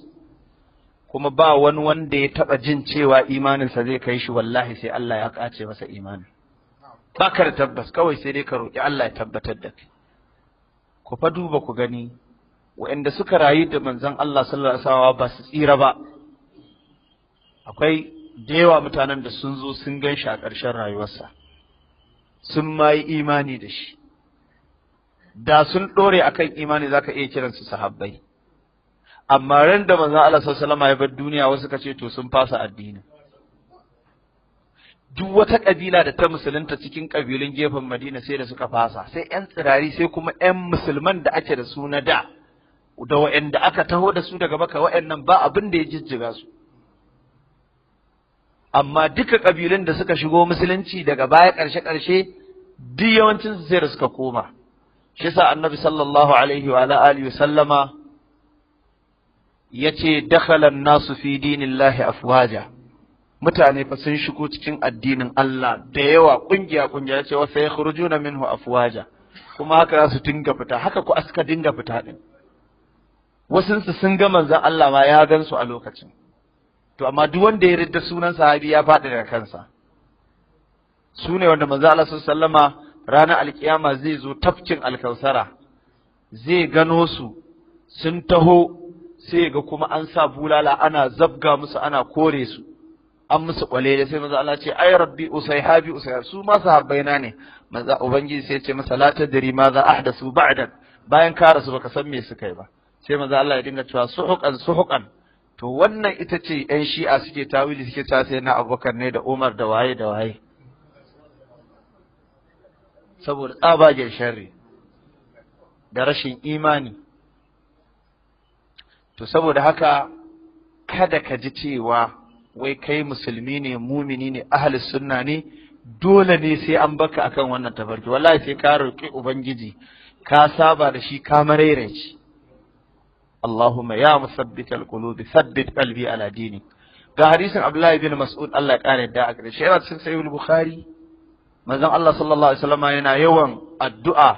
kuma ba wani wanda ya taɓa jin cewa imaninsa zai kai shi wallahi sai Allah ya ƙace masa imani ba ka da tabbas kawai sai dai ka roƙi Allah ya tabbatar da kai ku fa duba ku gani waɗanda suka rayu da manzon Allah sallallahu alaihi ba su tsira ba akwai da yawa mutanen da sun zo sun gan shi a ƙarshen rayuwarsa sun ma yi imani da shi da sun ɗore a kan imani za ka iya kiransu sahabbai amma ran da manzon Allah sallallahu salama ya bar duniya wasu ka ce to sun fasa addini duk wata ƙabila da ta musulunta cikin ƙabilun gefen Madina sai da suka fasa sai ƴan tsirari sai kuma ƴan musulman da ake da su na da da waɗanda aka taho da su daga baka waɗannan ba abin da ya jijjiga su amma duka ƙabilun da suka shigo musulunci daga baya ƙarshe ƙarshe duk yawancinsu sai da suka koma shi sa annabi sallallahu alaihi wa alihi sallama yace dakhala an-nasu fi dinillahi afwaja mutane fa sun shigo cikin addinin Allah da yawa kungiya kungiya yace wa sayakhrujuna minhu afwaja kuma haka za su dinga fita haka ku aska dinga fita din su sun ga manzon Allah ma ya gan su a lokacin to amma duk wanda ya ridda sunan sahabi ya faɗi daga kansa su ne wanda manzon Allah sallama ranar alkiyama zai zo tafkin alkausara zai gano su sun taho sai ga kuma an sa bulala ana zabga musu ana kore su an musu kwalele sai maza Allah ce ai rabbi usaihabi usaihab su ma sahabbaina ne maza ubangiji sai ce masa la tadri ma za ahdasu ba'dan bayan ka baka san me suka yi ba sai maza Allah ya dinga cewa suhuqan suhuqan to wannan ita ce yan shi'a suke tawili suke ta na Abubakar ne da Umar da waye da waye saboda tsabagen sharri da rashin imani to saboda haka kada ka ji cewa wai kai musulmi ne mumini ne ahli sunna ne dole ne sai an baka akan wannan tafarki wallahi sai ka roƙi ubangiji ka saba da shi ka marairaci Allahumma ya musabbital qulubi thabbit qalbi ala dinik ga hadisin Abdullahi bin Mas'ud Allah ya da a ƙarshe yana Bukhari manzon Allah sallallahu alaihi wasallam yana yawan addu'a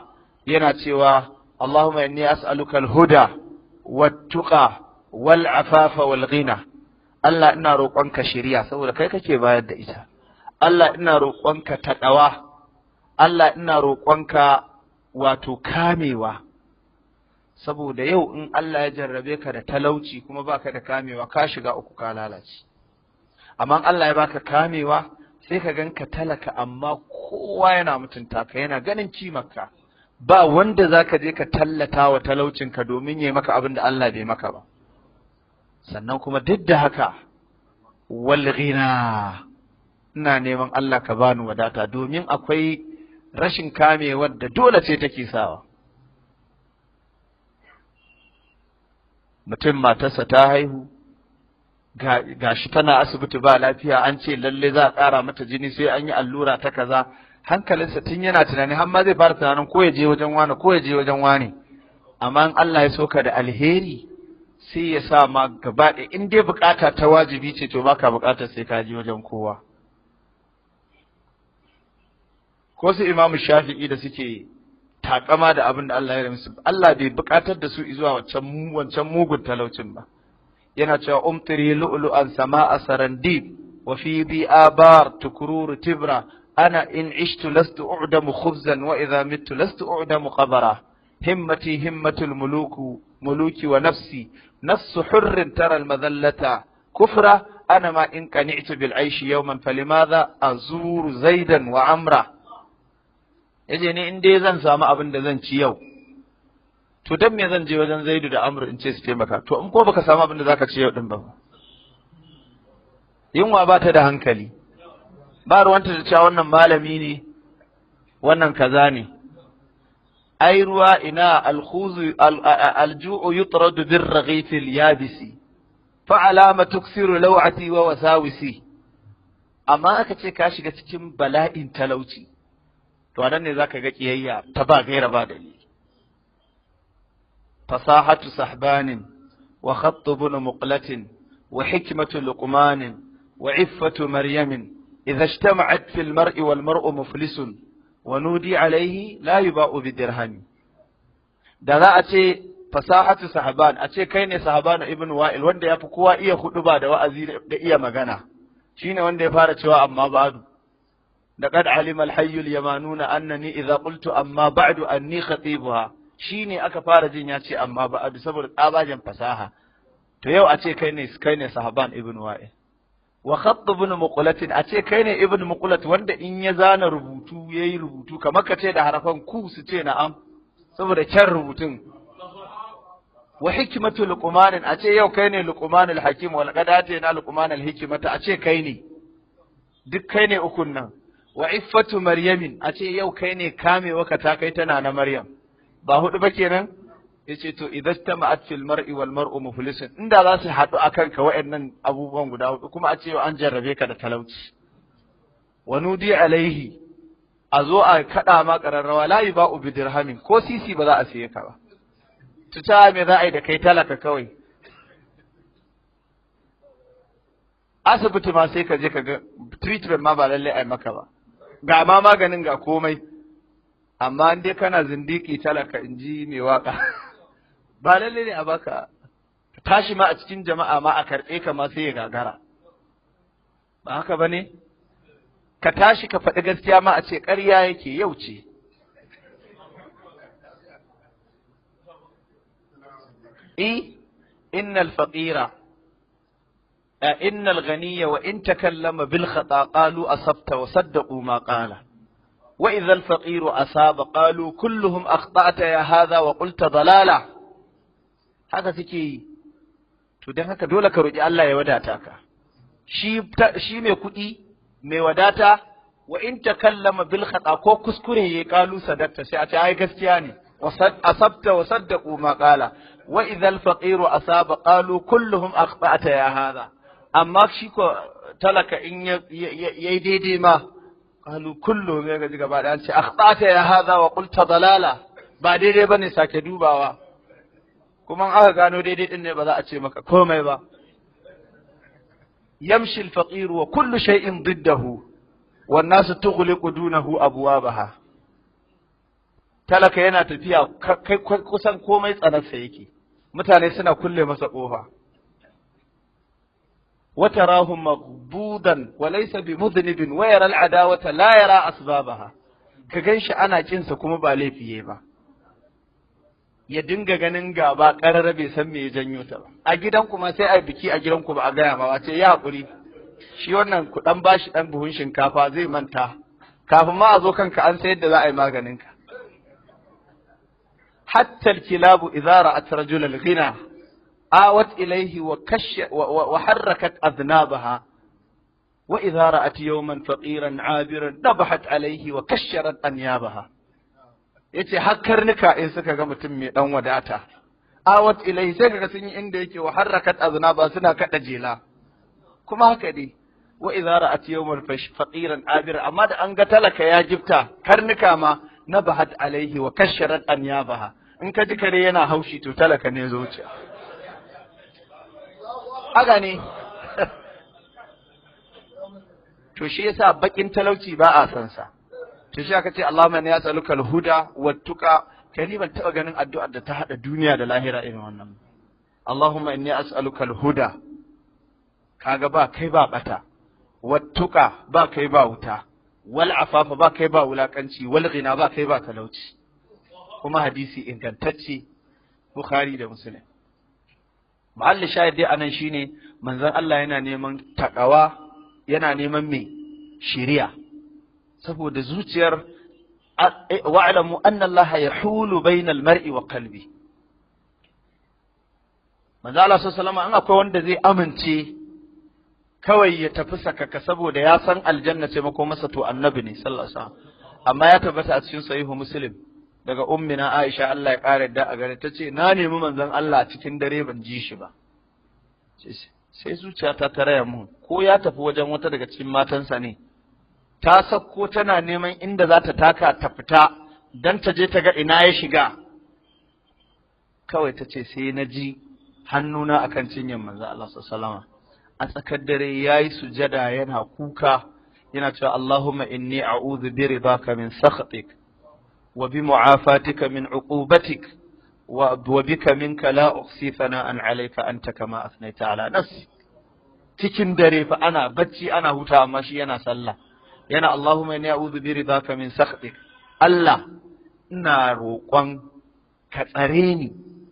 yana cewa Allahumma inni as'aluka al-huda wat-tuqa wal-afafa wal-ghina Allah ina roƙonka shiriya saboda kai kake bayar da ita Allah ina roƙonka taɗawa Allah ina roƙonka wato kamewa saboda yau in Allah ya jarrabe ka da talauci kuma baka da kamewa ka shiga uku ka lalace amma Allah ya baka kamewa sai ka gan ganka talaka amma kowa yana mutunta ka yana ganin kimarka ba wanda za ka je ka tallata wa talaucinka domin ya maka abin da Allah bai maka ba sannan kuma duk da haka walghina ina neman Allah ka bani wadata domin akwai rashin kamewar da dole ce take sawa mutum matarsa ta haihu Ga shi tana asibiti ba lafiya an ce lalle za a ƙara mata jini sai an yi allura ta kaza hankalinsa tun yana tunani har ma zai fara tunanin ko ya je wajen wani ko ya je wajen wani amma in Allah ya soka da alheri sai ya sa ma gaba ɗaya in dai bukata ta wajibi ce to baka buƙatar sai ka je wajen kowa ko su imamu shafi'i da suke takama da abin da Allah ya rami su Allah bai buƙatar da su zuwa wancan mugun talaucin ba yana cewa umtiri lu'lu'an sama'a sarandi wa fi bi abar tukururu tibra ana in ishtu lastu u'damu khubzan wa idha mittu lastu u'damu qabara himmati himmatul muluku muluki wa nafsi nafsu hurrin tara al kufra ana ma in qani'tu bil aishi yawman falimadha azuru zaidan wa amra yaje ne in dai zan samu abin da zan ci yau to dan me zan je wajen Zaidu da Amr in ce su taimaka to in ko baka samu abin da zaka ce yau din ba yunwa ba ta da hankali ba ruwanta da cewa wannan malami ne wannan kaza ne ai ruwa ina alkhuzu alju'u yutradu birraghif yabisi fa alama tuksiru law'ati wa wasawisi amma aka ce ka shiga cikin bala'in talauci to anan ne zaka ga kiyayya ta ba gaira ba فصاحة سحبان وخط بن مقلة وحكمة لقمان وعفة مريم إذا اجتمعت في المرء والمرء مفلس ونودي عليه لا يباء بدرهم da za a ce fasahatu sahaban a ce kai ne sahabanu ibn wa'il wanda ya fi kowa iya huɗu ba da wa'azi da iya magana shine wanda ya fara cewa amma ba'du da qad alima al-hayy al-yamanuna annani idza qultu amma ba'du anni khatibuha shi ne aka fara jin ya ce amma ba adu saboda tsabagen fasaha to yau a ce kai ne kai ne sahaban ibn wa'il wa khatt ibn muqlat a ce kai ne ibn muqlat wanda in ya zana rubutu yayi rubutu kamar ka ce da harafan ku su ce na'am saboda kyan rubutun wa hikmatu luqman a ce yau kai ne luqman alhakim hakim wal qadati na luqman alhikmata a ce kai ne duk kai ne ukun nan wa iffatu maryamin a ce yau kai ne kamewa ka ta kai tana na maryam ba hudu ba kenan ya ce to idastama'at fil mar'i wal mar'u in inda za su haɗu akan ka wa'annan abubuwan guda hudu kuma a ce an jarrabe ka da talauci wa nudi alaihi a zo a kaɗa ma ƙararrawa layi ba ubi dirhamin ko sisi ba za a siye ka ba tuta me za a yi da kai talaka kawai asibiti ma sai ka je ka ga treatment ma ba lallai a maka ba ga ma maganin ga komai amma in dai kana zindiki talaka in ji mai waka *laughs* ba lalle ne a baka tashi ma a cikin jama'a ma a karɓe ka ma sai ya gagara ba haka ba ne ka tashi ka faɗi gaskiya ma a ce ƙarya yake yau ce إن innal faqira innal ghaniya wa in takallama bil khata qalu asabta wa ma وإذا الفقير أصاب قالوا كلهم أخطأت يا هذا وقلت ضلالة haka suke to don haka dole ka roƙi Allah ya wadata ka shi mai kuɗi mai wadata wa in takallama bil ko kuskure ya kalu sadaqta sai a ce ai gaskiya ne asabta wa saddaqu ma qala wa idhal faqiru asaba qalu kulluhum akhta'ta ya hadha amma shi ko talaka in yayi daidai ma qalu kullu ne ga ji gaba da an ce akhtata ya hadha wa qulta dalala ba daidai bane sake dubawa kuma aka gano daidai din ne ba za a ce maka komai ba yamshi al-faqir wa kullu shay'in diddahu wan nasu tughliqu dunahu abwabaha talaka yana tafiya kai kusan komai tsanarsa yake mutane suna kulle masa kofa Wata وتراه مغضوضا وليس بمذنب ويرى العداوة لا يرى أسبابها كغنش ana جنس kuma ba laifiye ba. ya dinga ganin gaba ƙarara bai san me ya janyo ta ba a gidanku ma sai a biki a gidanku ba a gaya ma wace ya haƙuri shi wannan ku dan bashi dan buhun shinkafa zai manta kafin ma a zo kanka an sayar da za a yi ka. Hattal kilabu Izara a rajulan ghina awat ilaihi wa kashya wa harrakat adnabaha wa idza ra'at yawman faqiran 'abiran dabahat alaihi wa kashsharat anyabaha yace har karnuka in suka ga mutum mai dan wadata awat ilaihi sai kaga sun yi inda yake wa harrakat ba suna kada jela kuma haka dai wa idza ra'at yawman faqiran 'abiran amma da an ga talaka ya gifta karnuka ma nabahat alaihi wa kashsharat anyabaha in ka ji kare yana haushi to talaka ne zuciya haka ne *laughs* to shi yasa bakin talauci ba a san sa to shi aka ce Allahumma ya yas'aluka al-huda wa tuqa kai ni ban taba ganin addu'ar da ta hada duniya da lahira irin wannan Allahumma inni as'aluka al-huda kaga ba kai ba bata wa tuqa ba kai ba wuta wal afafa ba kai ba wulakanci wal ghina ba kai ba talauci kuma hadisi ingantacce Bukhari da Muslim mahallin shahid dai anan ne, manzon Allah yana neman takawa yana neman me shiriya saboda zuciyar e, wa'lamu anna Allah yahulu bainal mar'i wa qalbi manzo Allah sallallahu alaihi akwai wanda zai amince kawai ya tafi sakaka saboda ya san aljanna ce mako masa to annabi ne sallallahu amma ya tabbata a cikin sahihu muslim daga ummina Aisha Allah ya ƙara da, a gare ta ce na nemi manzon Allah cikin dare ban ji shi ba sai zuciya ta raya mun ko ya tafi wajen wata daga cikin matansa ne ta sakko tana neman inda za ta taka ta fita dan ta je ta ga ina ya shiga kawai ta ce sai na ji hannuna akan cinyar manzon Allah sallama a tsakar dare yayi sujada yana kuka yana cewa Allahumma inni a'udhu bi ridaka min sakhatik وبمعافاتك من ka وبك منك لا أحصي ثناء عليك أنت كما أثنيت على نفسك cikin dare ana bacci ana huta amma shi yana sallah yana Allahumma inni a'udhu bi ridaka min sakhatik Allah ina rokon ka tsare ni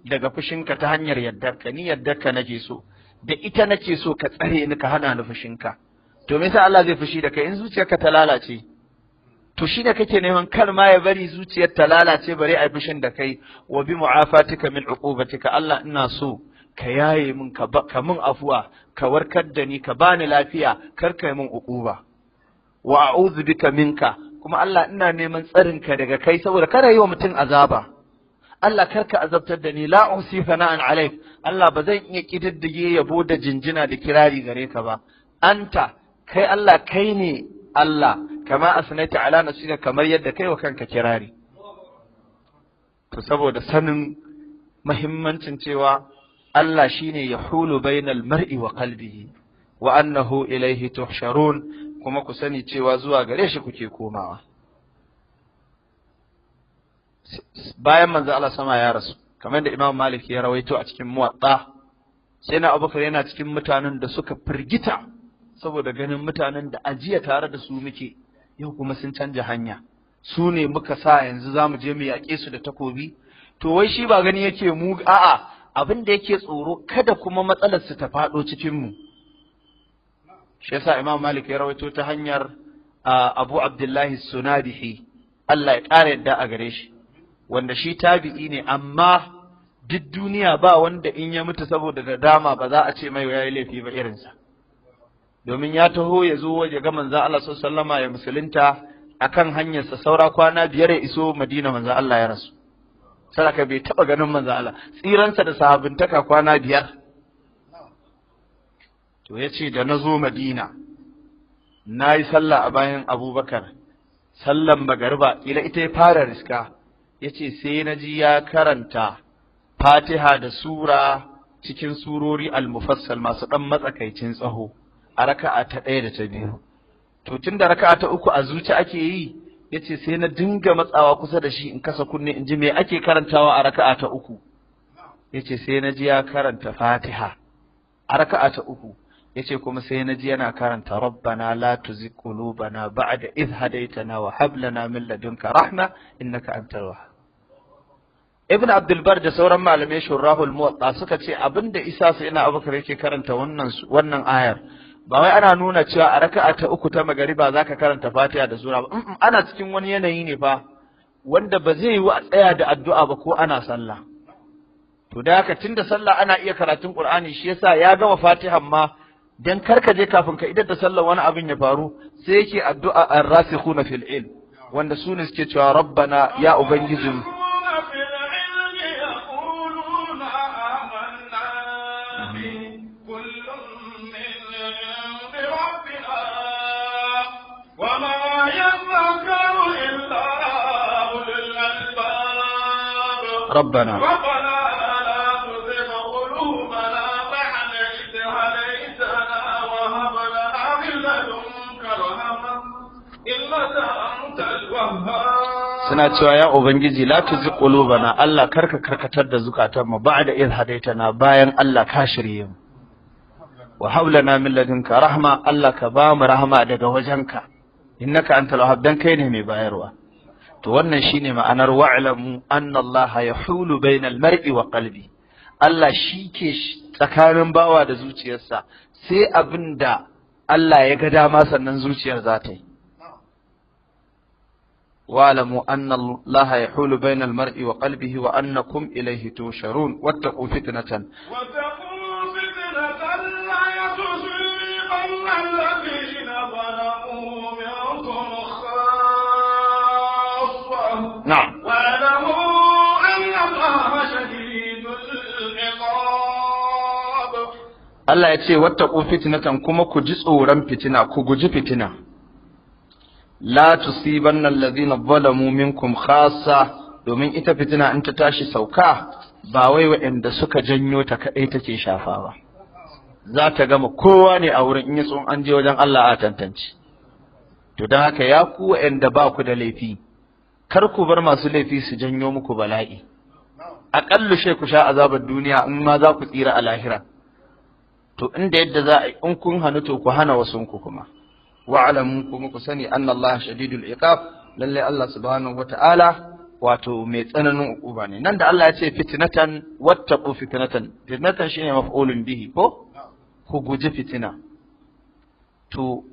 daga fushinka ta hanyar yardarka ni yardarka nake so da ita nake so ka tsare ni ka hana ni fushinka to me Allah zai fushi da kai in ka ta lalace to shine kake neman kar ma ya bari zuciyar ta lalace bare ai bishin da kai wa bi mu'afatika min uqubatika Allah ina so ka yaye min ka ka min afuwa ka warkar da ni ka bani lafiya kar ka min uquba wa a'udhu bika minka kuma Allah ina neman tsarin ka daga kai saboda kar yi wa mutum azaba Allah kar ka azabtar da ni la usi fana'an alaik Allah ba zan iya kididdige yabo da jinjina da kirari gare ka ba anta kai Allah kai ne Allah kama asnaita ala nafsika kamar yadda kai wa kanka kirari to saboda sanin mahimmancin cewa Allah shine yahulu bainal mar'i wa qalbihi wa annahu ilaihi tuhsharun kuma ku sani cewa zuwa gare shi kuke komawa bayan manzo Allah sama ya rasu kamar da Imam Malik ya rawaito a cikin Muwatta sai na Abubakar yana cikin mutanen da suka firgita saboda ganin mutanen da ajiya tare da su muke yau kuma sun canja hanya su ne muka sa yanzu za mu je mu yaƙe su da takobi to wai shi ba gani yake mu a'a abin da yake tsoro kada kuma matsalar su ta faɗo cikin mu shi yasa Imam Malik ya rawaito ta hanyar Abu Abdullahi Sunadihi Allah ya ƙara yadda a gare shi wanda shi tabi'i ne amma duk duniya ba wanda in ya mutu saboda da dama ba za a ce mai yayi laifi ba irinsa domin ya taho ya zo ya ga manzon Allah sallallahu ya musulunta akan hanyarsa saura kwana biyar ya iso Madina manzon Allah ya rasu saraka bai taba ganin manzon Allah tsiransa da sahabbantaka kwana biyar to ya ce da na zo Madina na yi sallah a bayan Abubakar sallan magariba ila ita ya fara riska ya ce sai na ji ya karanta fatiha da sura cikin surori al-mufassal masu ɗan matsakaicin tsaho a raka'a ta ɗaya da ta biyu to tun da raka'a ta uku a zuci ake yi ya ce sai na dinga matsawa kusa da shi in kasa kunne in ji me ake karantawa a raka'a ta uku Ya ce sai na ji ya karanta Fatiha a raka'a ta uku Ya ce kuma sai na ji yana karanta rabbana la tuzigh qulubana ba'da idh hadaytana wa hab lana min ladunka rahma innaka antal wahhab ibn Abdulbar da sauran malamai shurahul muwatta suka ce abinda isa su ina abubakar yake karanta wannan ayar ba wai ana nuna cewa a raka'a ta uku ta magari magariba zaka karanta Fatiha da sura ba ana cikin wani yanayi ne fa wanda ba zai yi a tsaya da addu'a ba ko ana sallah to da haka tunda sallah ana iya karatun Qur'ani shi yasa ya gama Fatiha ma dan ka je kafin ka idan da sallah wani abin ya faru sai yake addu'a ar-rasikhuna fil ilm wanda sunan suke cewa rabbana ya ubangijin ربنا suna cewa ya ubangiji la tuzi qulubana Allah karka karkatar da zukatan mu ba'da hadaita na, bayan Allah ka shirye mu wa haulana min ladunka rahma Allah ka ba mu rahma daga wajenka innaka antal wahhab dan kai ne mai bayarwa to wannan shine ma'anar wa'lamu anna Allah yahulu bainal mar'i wa qalbi Allah shi ke tsakanin bawa da zuciyarsa sai abinda Allah ya ga dama sannan zuciyar za ta yi واعلموا أن الله wa بين المرء وقلبه وأنكم إليه توشرون واتقوا فتنة نعم واعلموا أن الله شديد العقاب الله يتي واتقوا فتنة كما كجسوا رم فتنة كجج فتنة لا تصيبن الذين ظلموا منكم خاصة domin ita fitina in ta tashi sauka ba wai waɗanda suka janyo ta kaɗai take shafa ba za ta gama kowa ne a wurin in yi tsohon an je wajen Allah a tantance to don haka ya ku waɗanda ba ku da laifi kar ku bar masu laifi su janyo muku bala'i aƙallu shai ku sha azabar duniya in ma za ku tsira a lahira to inda yadda za a in kun hannu to ku hana wasu ku kuma Wa kuma ku sani anna Allah shadidul iqab lalle Allah subhanahu wata'ala wato mai tsananin uquba ne nan da Allah ya ce fitnatan wattaqu fitnatan fitnatan shine maf'ulun bihi ko ku guji fitina to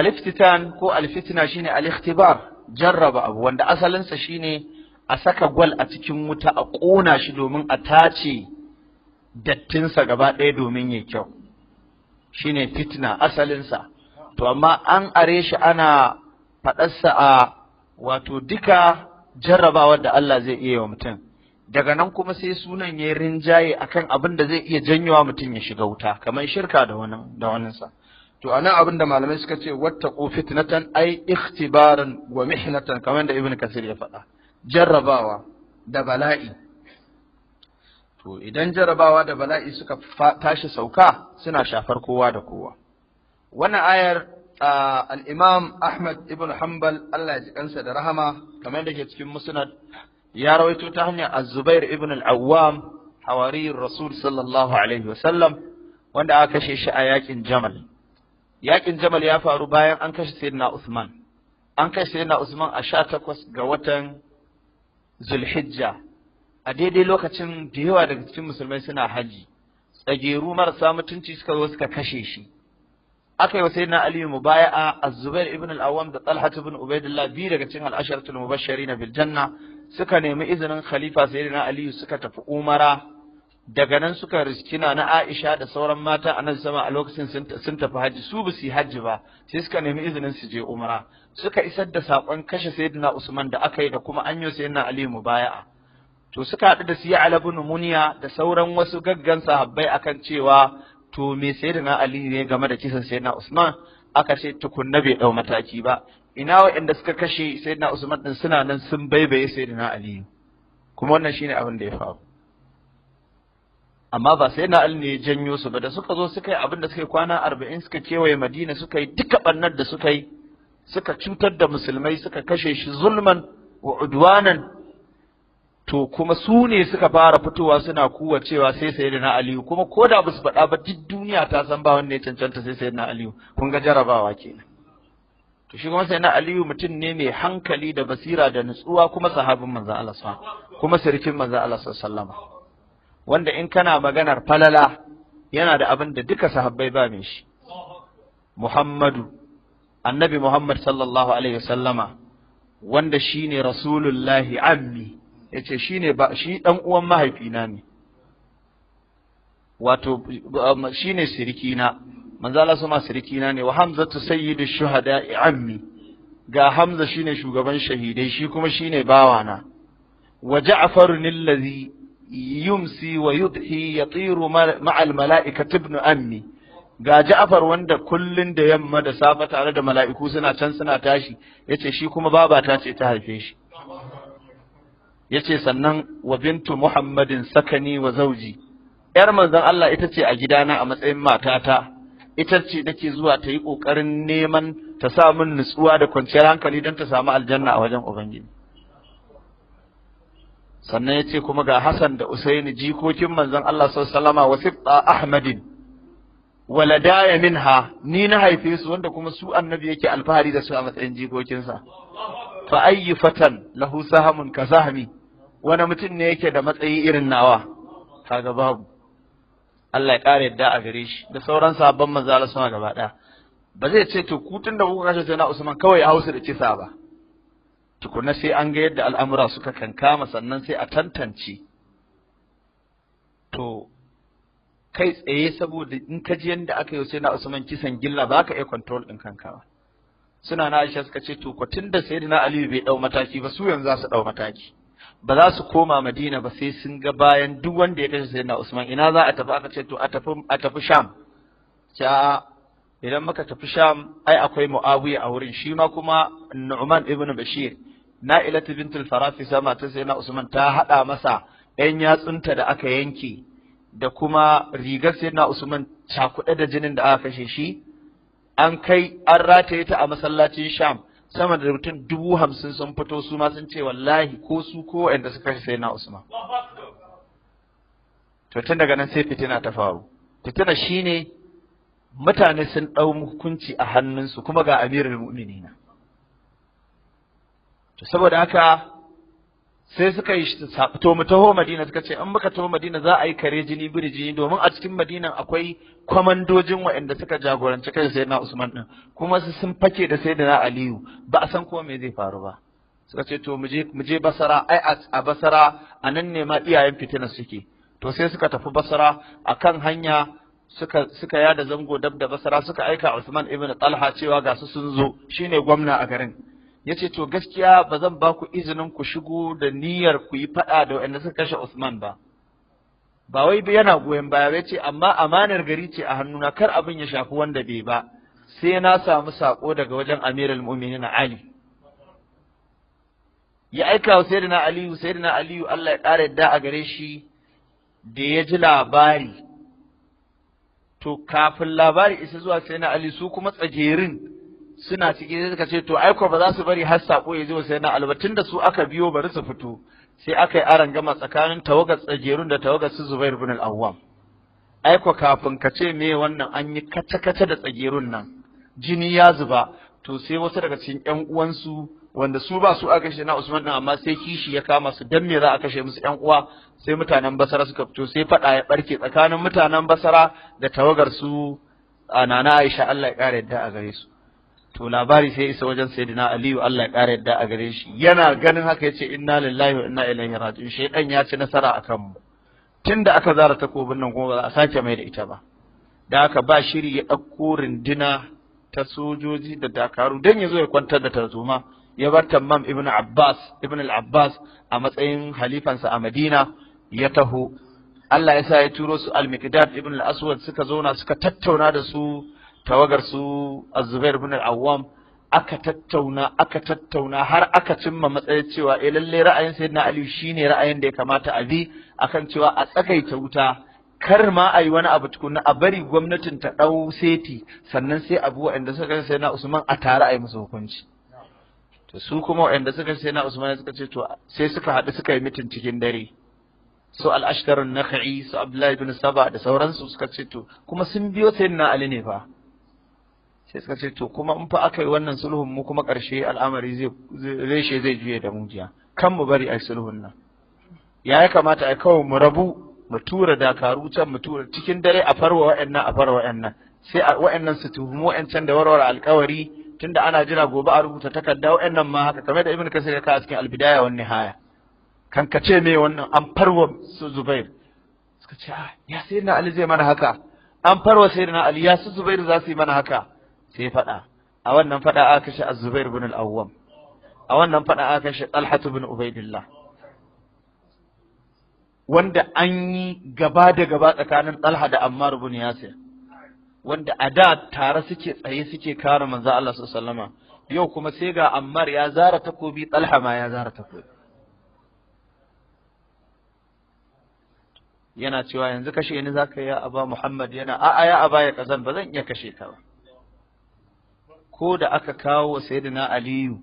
al-iftitan ko al-fitna shine al-ikhtibar jarraba abu wanda asalinsa shine a saka gwal a cikin wuta a ƙona shi domin a tace dattinsa gaba ɗaya domin ya kyau shine fitna asalinsa to amma an are shi ana faɗarsa a wato duka jarrabawar da Allah zai iya wa mutum daga nan kuma sai sunan ya rinjaye akan abin da zai iya janyowa mutum ya shiga wuta kamar shirka da wani da waninsa to anan abin da malamai suka ce wattaqu fitnatan ai ikhtibaran wa mihnatan kamar da ibn kasir ya faɗa jarrabawa da bala'i to idan jarrabawa da bala'i suka tashi sauka suna shafar kowa da kowa wannan ayar al-imam ahmad ibn hanbal Allah ya ji kansa da rahama kamar da ke cikin musnad ya rawaito ta hanyar az-zubair ibn al-awwam hawari rasul sallallahu alaihi wanda aka kashe shi a yakin jamal Yaƙin Jamal ya faru bayan an kashe Sayyidina Usman an kashe Sayyidina Usman a sha takwas ga watan Zulhijja a daidai lokacin da yawa daga cikin musulmai suna haji tsageru marasa mutunci suka zo suka kashe shi aka yi wa sayyidina Ali mubaya'a Az-Zubair ibn al-Awwam da Talha ibn Ubaidillah biyu daga cikin al-asharatul na bil suka nemi izinin khalifa sayyidina Aliyu suka tafi Umara daga nan suka riski na Aisha da sauran mata a nan sama a lokacin sun tafi hajji su ba su hajji ba sai suka nemi izinin su je umra suka isar da sakon kashe sayyidina Usman da aka yi da kuma anyo sayyidina Ali baya. to suka haɗu da siya Ali bin muniya da sauran wasu gaggan sahabbai akan cewa to me sayyidina Ali ne game da kisan sayyidina Usman aka ce tukunna bai dau mataki ba ina waɗanda suka kashe sayyidina Usman din suna nan sun baibaye sayyidina Ali kuma wannan shine abin da ya faru amma ba sai na alni ya janyo su ba da suka zo suka yi abin da suka yi kwana arba'in suka kewaye madina suka yi duka ɓannar da suka yi suka cutar da musulmai suka kashe shi zulman wa udwanan to kuma su ne suka fara fitowa suna kuwa cewa sai sai da na aliyu kuma ko da ba su faɗa ba duk duniya ta san ba wanne ya cancanta sai sai da na aliyu kun ga jarabawa kenan to shi kuma sai na aliyu mutum ne mai hankali da basira da nutsuwa kuma sahabin manzo Allah kuma sarkin manzo Allah sallallahu alaihi wasallam wanda in kana maganar falala yana da abin da duka sahabbai ba mai shi Muhammadu annabi Muhammad sallallahu alaihi wasallama wanda shine rasulullahi ammi yace shine shi dan uwan mahaifina ne wato um, shine sirikina manzo Allah sama sirikina ne wa hamzatu sayyidu shuhada ammi ga hamza shine shugaban shahidai shi kuma shine bawana wa ja'farun nillazi yumsi wa yudhi yatiru ma'a al ibn ammi ga Ja'far wanda kullun da yamma da safe tare da mala'iku suna can suna tashi yace shi kuma baba ta ce ta haife shi yace sannan wa bintu Muhammadin sakani wa zauji yar manzon Allah ita ce a gidana a matsayin matata ita ce take zuwa ta yi ƙoƙarin neman ta sa min nutsuwa da kwanciyar hankali don ta samu aljanna a wajen Ubangiji sannan ya ce kuma ga Hassan da Usaini jikokin manzon Allah sallama wa sibta Ahmadin waladaya minha ni na haife su wanda kuma su annabi yake alfahari da su a matsayin jikokinsa fa ayi fatan lahu sahamun ka sahami wani mutum ne yake da matsayi irin nawa kaga babu Allah ya ƙara yadda a gare shi da sauran sabon manzo Allah sama gaba ɗaya ba zai ce to kutun da kuka kashe sai na Usman kawai a Hausa da kisa ba tukuna sai an ga yadda al'amura suka kankama sannan sai a tantance to kai tsaye saboda in ka ji yadda aka yi sai na Usman kisan gilla ba ka iya control ɗin kanka ba suna na Aisha suka ce to kwatin da na Aliyu bai ɗau mataki ba su yanzu za su ɗau mataki ba za su koma Madina ba sai sun ga bayan duk wanda ya kashe Sayyidina Usman ina za a tafi aka ce to a tafi a tafi Sham idan muka tafi Sham ai akwai Muawiya a wurin shi ma kuma Nu'man ibn Bashir na'ilatu bintul farafisa matar sai na usman ta haɗa masa ɗan yatsunta da aka yanke da kuma rigar sai na usman cakuɗe da jinin da aka kashe shi an kai an rataye ta a masallacin sham sama da mutum dubu hamsin sun fito su ma sun ce wallahi ko su ko waɗanda suka kashe sai na usman to tun daga nan sai fitina ta faru fitina shine mutane sun ɗau hukunci a hannunsu kuma ga amirul mu'minina to saboda haka sai suka yi to mu taho Madina suka ce in muka taho Madina za a yi kare jini biri jini domin a cikin Madina akwai kwamandojin waɗanda suka jagoranci kai sayyidina Usman din kuma su sun fake da sayyidina Aliyu ba a san ko me zai faru ba suka ce to mu je mu je Basra ai a Basra anan ne ma iyayen fitina suke to sai suka tafi Basra akan hanya suka suka yada zango dab da Basra suka aika Usman ibn Talha cewa ga su sun zo shine gwamna a garin Ya ce to gaskiya ba zan ba ku izinin ku shigo da niyyar ku yi faɗa da waɗanda suka kashe Usman ba ba wai yana goyon baya ba yace amma amanar gari ce a hannuna kar abin ya shafi wanda bai ba sai na samu sako daga wajen Amirul Mu'minin Ali ya aika wa Sayyidina Aliyu Sayyidina Aliyu Allah ya ƙara yadda a gare shi da ya ji labari to kafin labari isa zuwa Sayyidina Ali su kuma tsagerin suna cikin sai suka ce to aiko ba za su bari har sako ya zo sai na albatun da su aka biyo bari su fito sai aka yi aran gama tsakanin tawagar tsagerun da tawagar su Zubair ibn al-Awwam aiko kafin ka ce me wannan an yi kace-kace da tsagerun nan jini ya zuba to sai wasu daga cikin ƴan uwansu wanda su ba su aka na Usman din amma sai kishi ya kama su dan me za a kashe musu 'yan uwa sai mutanen basara suka fito sai fada ya barke tsakanin mutanen basara da tawagar su a nana Aisha Allah ya kare yadda a gare su to labari sai isa wajen sayyidina aliyu Allah ya ƙara yadda a gare shi yana ganin haka yace inna lillahi wa inna ilaihi raji'un shaydan ya ci nasara akan mu tunda aka zara takobin nan kuma ba a sake mai da ita ba da haka ba shiri ya ɗauko rindina ta sojoji da dakaru dan ya zo ya kwantar da tarzoma ya bar Tammam ibn Abbas ibn al-Abbas a matsayin halifansa a Madina ya taho Allah ya sa ya turo su al-Miqdad ibn al-Aswad suka zauna suka tattauna da su tawagar su azubair bin awwam aka tattauna aka tattauna har aka cimma matsayi cewa eh lalle ra'ayin sayyidina ali shine ra'ayin da ya kamata a bi akan cewa a tsakaita wuta kar ma a yi wani abu tukuna a bari gwamnatin ta ɗau seti sannan sai abu waɗanda suka ce sai na Usman a tare a yi musu hukunci to su kuma waɗanda suka sai na Usman suka ce to sai suka haɗu suka yi mitin cikin dare su al-ashtar an su Abdullahi bin Saba da sauransu suka ce to kuma sun biyo sayyidina Ali ne fa sai suka ce to kuma in fa aka yi wannan sulhun mu kuma ƙarshe al'amari zai reshe zai juye da mujiya kan mu bari ai sulhun nan ya ya kamata a kawai mu rabu mu tura dakaru can mu tura cikin dare a farwa wa'annan a farwa wa'annan sai wa'annan su tuhumu wa'ancan da warware alƙawari tunda ana jira gobe a rubuta takarda wa'annan ma haka kamar da ibnu kasir ya kawo cikin albidaya wani nihaya kan ka ce me wannan an farwa su zubair suka ce ah, ya sayyidina ali zai mana haka an farwa sayyidina ali ya su zubair za su yi mana haka sai faɗa a wannan faɗa aka kashe az-zubair ibn al a wannan faɗa aka kashe talha ibn ubaidillah wanda an yi gaba da gaba tsakanin talha da ammar ibn yasir wanda a da tare suke tsaye suke kare manzo Allah sallama yau kuma sai ga ammar ya zara takobi talha ma ya zara takobi yana cewa yanzu kashe ni zaka ya aba muhammad yana a'a ya aba ya kazan ba zan iya kashe ka ba ko da aka kawo wa sayyidina aliyu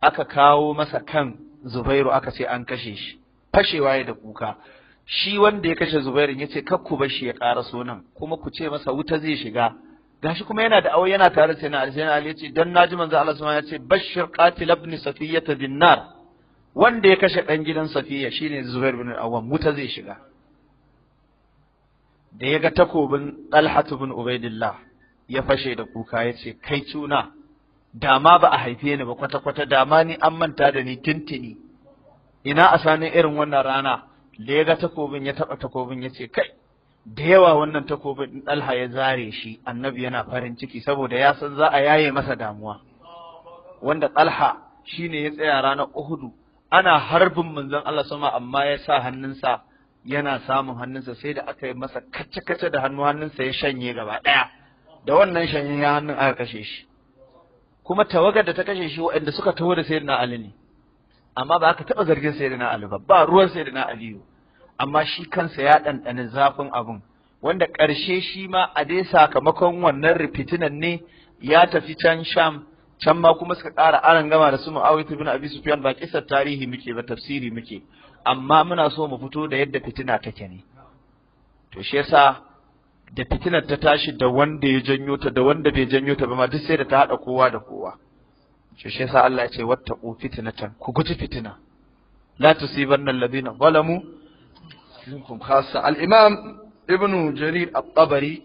aka kawo masa kan zubairu aka ce an kashe shi fashewa ya da kuka shi wanda ya kashe zubairu ya ce kakku bar shi ya ƙara sunan kuma ku ce masa wuta zai shiga gashi kuma yana da aure yana tare da sayyidina ali sayyidina ali ya ce dan naji manzo Allah subhanahu ya ce bashir qatil ibn Safiyya bin nar wanda ya kashe dan gidan safiya shine zubair bin awwam wuta zai shiga da ya ga takobin talhat bin ubaidillah ya fashe da kuka ya ce kai cuna dama ba a haife ni ba kwata-kwata dama ni an manta da ni tintini ina a sanin irin wannan rana da ya ga takobin ya taɓa takobin ya ce kai da yawa wannan takobin ɗalha ya zare shi annabi yana farin ciki saboda ya san za a yaye masa damuwa wanda ɗalha shine ya tsaya ranar uhudu ana harbin manzon Allah sama amma ya sa hannunsa yana samun hannunsa sai da aka yi masa kace-kace da hannu hannunsa ya shanye gaba ɗaya da wannan ya hannun aka kashe shi kuma tawagar da ta kashe shi waɗanda suka taho da sayyidina Ali ne amma ba ka taɓa zargin sayyidina Ali ba ba ruwan sayyidina Aliyu amma shi kansa ya ɗanɗani zafin abin wanda ƙarshe shi ma a dai sakamakon wannan rifitinan ne ya tafi can Sham can ma kuma suka ƙara aran gama da su Muawiya ibn Abi Sufyan ba kisar tarihi muke ba tafsiri muke amma muna so mu fito da yadda fitina take ne to shi yasa da fitinar ta tashi da wanda ya janyo ta da wanda bai janyo ta ba ma duk sai da ta hada kowa da kowa shi shi yasa Allah ya ce wattaqu fitnatan ku guji fitina la tusibanna alladhina zalamu minkum khassa al-imam ibn jarir at-tabari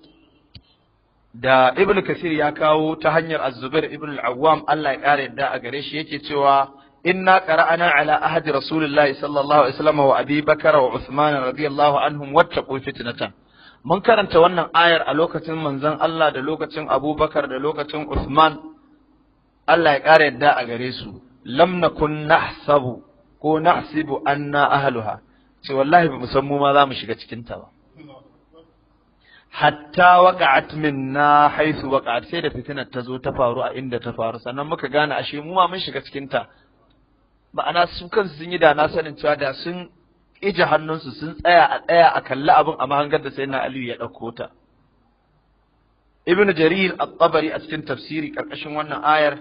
da ibn kasir ya kawo ta hanyar az-zubair ibn al-awwam Allah ya kare da a gare shi yake cewa inna qara'ana ala ahadi rasulillahi sallallahu alaihi wasallam wa abi bakara wa usman radiyallahu anhum wattaqu fitnatan mun karanta wannan ayar a lokacin manzon Allah da lokacin Abubakar da lokacin Usman Allah ya ƙara yadda a gare su lam nakun nahsabu ko nahsibu anna ahluha ce wallahi ba mu san mu ma za mu shiga cikin ta ba hatta waqa'at minna haythu waqa'at sai da fitinar ta zo ta faru a inda ta faru sannan muka gane ashe mu ma mun shiga cikin ta ma'ana su kansu sun yi da na sanin cewa da sun ije hannunsu sun tsaya a tsaya a kalli abin a mahangar da sai na aliyu ya ɗauko ta ibn jarir al tabari a cikin tafsiri karkashin wannan ayar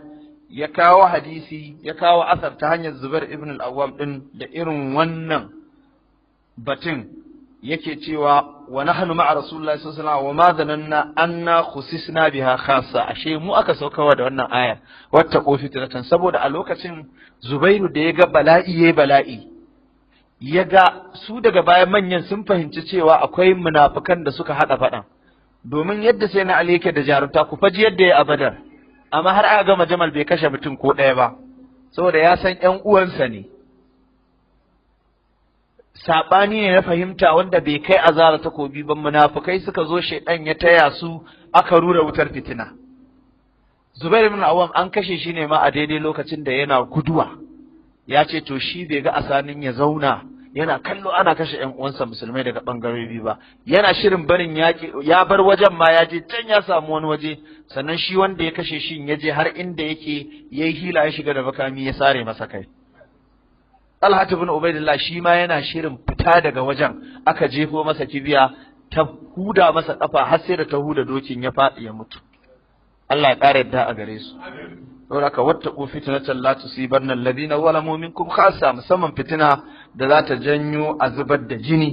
ya kawo hadisi ya kawo asar ta hanyar zubar ibn al-awwam din da irin wannan batun yake cewa wa nahnu ma'a rasulullahi sallallahu alaihi wasallam wa ma dhananna anna khusisna biha khassa ashe mu aka saukawa da wannan ayar wata kofi tunatan saboda a lokacin zubairu da ya ga bala'i yayi bala'i ya ga su daga baya manyan sun fahimci cewa akwai munafukan da suka haɗa faɗan domin yadda sai na Ali da jarumta ku faji yadda ya abadar amma har aka gama Jamal bai kashe mutum ko ɗaya ba saboda ya san ƴan uwansa ne saɓani ne na fahimta wanda bai kai azara takobi ba munafukai suka zo shaidan ya taya su aka rura wutar fitina Zubair ibn Awwam an kashe shi ne ma a daidai lokacin da yana guduwa ya ce to shi bai ga asanin ya zauna yana kallo ana kashe ƴan uwansa musulmai daga ɓangarori biyu ba yana shirin barin yaƙi ya bar wajen ma ya je can ya samu wani waje sannan shi wanda ya kashe shi ya je har inda yake yayi hila ya shiga da bakami ya sare masa kai Talha ibn Ubaidillah shi ma yana shirin fita daga wajen aka jefo masa kibiya ta huda masa kafa har sai da ta huda dokin ya faɗi ya mutu Allah ya ƙara yadda a gare su saboda ka wattaqu fitnatan la tusibanna alladhina zalamu minkum khassa musamman fitina da za ta janyo a zubar da jini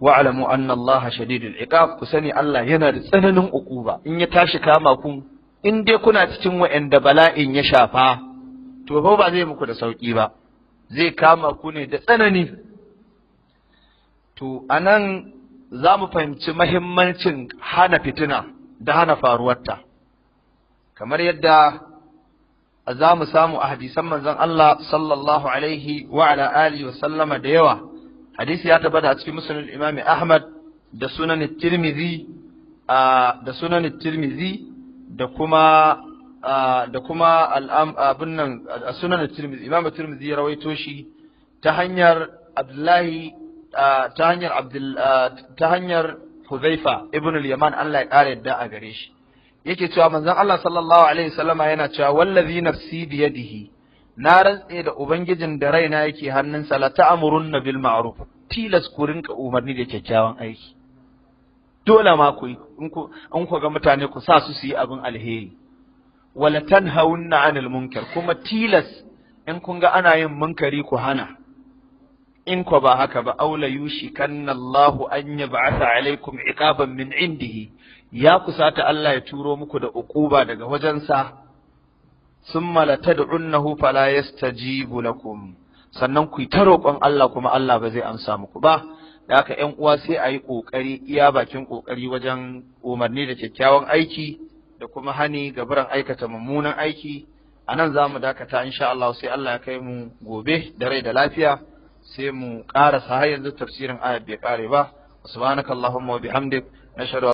wa'lamu anna Allah shadidul iqab ku sani Allah yana da tsananin uquba in ya tashi kama ku in dai kuna cikin wa'anda bala'in ya shafa to ba ba zai muku da sauki ba zai kama ku ne da tsanani to anan za mu fahimci muhimmancin hana fitina da hana faruwarta kamar yadda za mu samu a hadisan manzon Allah sallallahu alaihi wa ala alihi wa sallama da yawa hadisi ya tabbata a cikin musnad Imam Ahmad da sunan Tirmidhi da sunan Tirmidhi da kuma da kuma al'am abin nan sunan Tirmidhi Imam Tirmidhi ya rawaito shi ta hanyar Abdullahi ta hanyar Abdul ta hanyar Huzaifa ibn al-Yaman Allah ya kare yadda a gare shi yake cewa manzon Allah sallallahu alaihi wasallama yana cewa wallazi nafsi biyadihi na rantse da ubangijin da raina yake hannunsa la ta'murunna bil ma'ruf tilas ku rinka umarni da kyakkyawan aiki dole ma ku in ku ga mutane ku sa su su yi abin alheri wala tanhawunna 'anil munkar kuma tilas in kun ga ana yin munkari ku hana in ku ba haka ba aula yushi kanna Allahu an yab'atha alaikum iqaban min indihi ya kusata Allah ya turo muku da uquba daga wajensa summa latad'unnahu fala yastajibu lakum sannan ku ta roƙon Allah kuma Allah ba zai amsa muku ba da haka ƴan uwa sai a yi ƙoƙari iya bakin ƙoƙari wajen umarni da kyakkyawan aiki da kuma hani ga buran aikata mummunan aiki a nan za mu dakata insha Allah sai Allah ya kai mu gobe da rai da lafiya sai mu ƙarasa har yanzu tafsirin ayat bai ƙare ba subhanakallahumma wa bihamdik nashhadu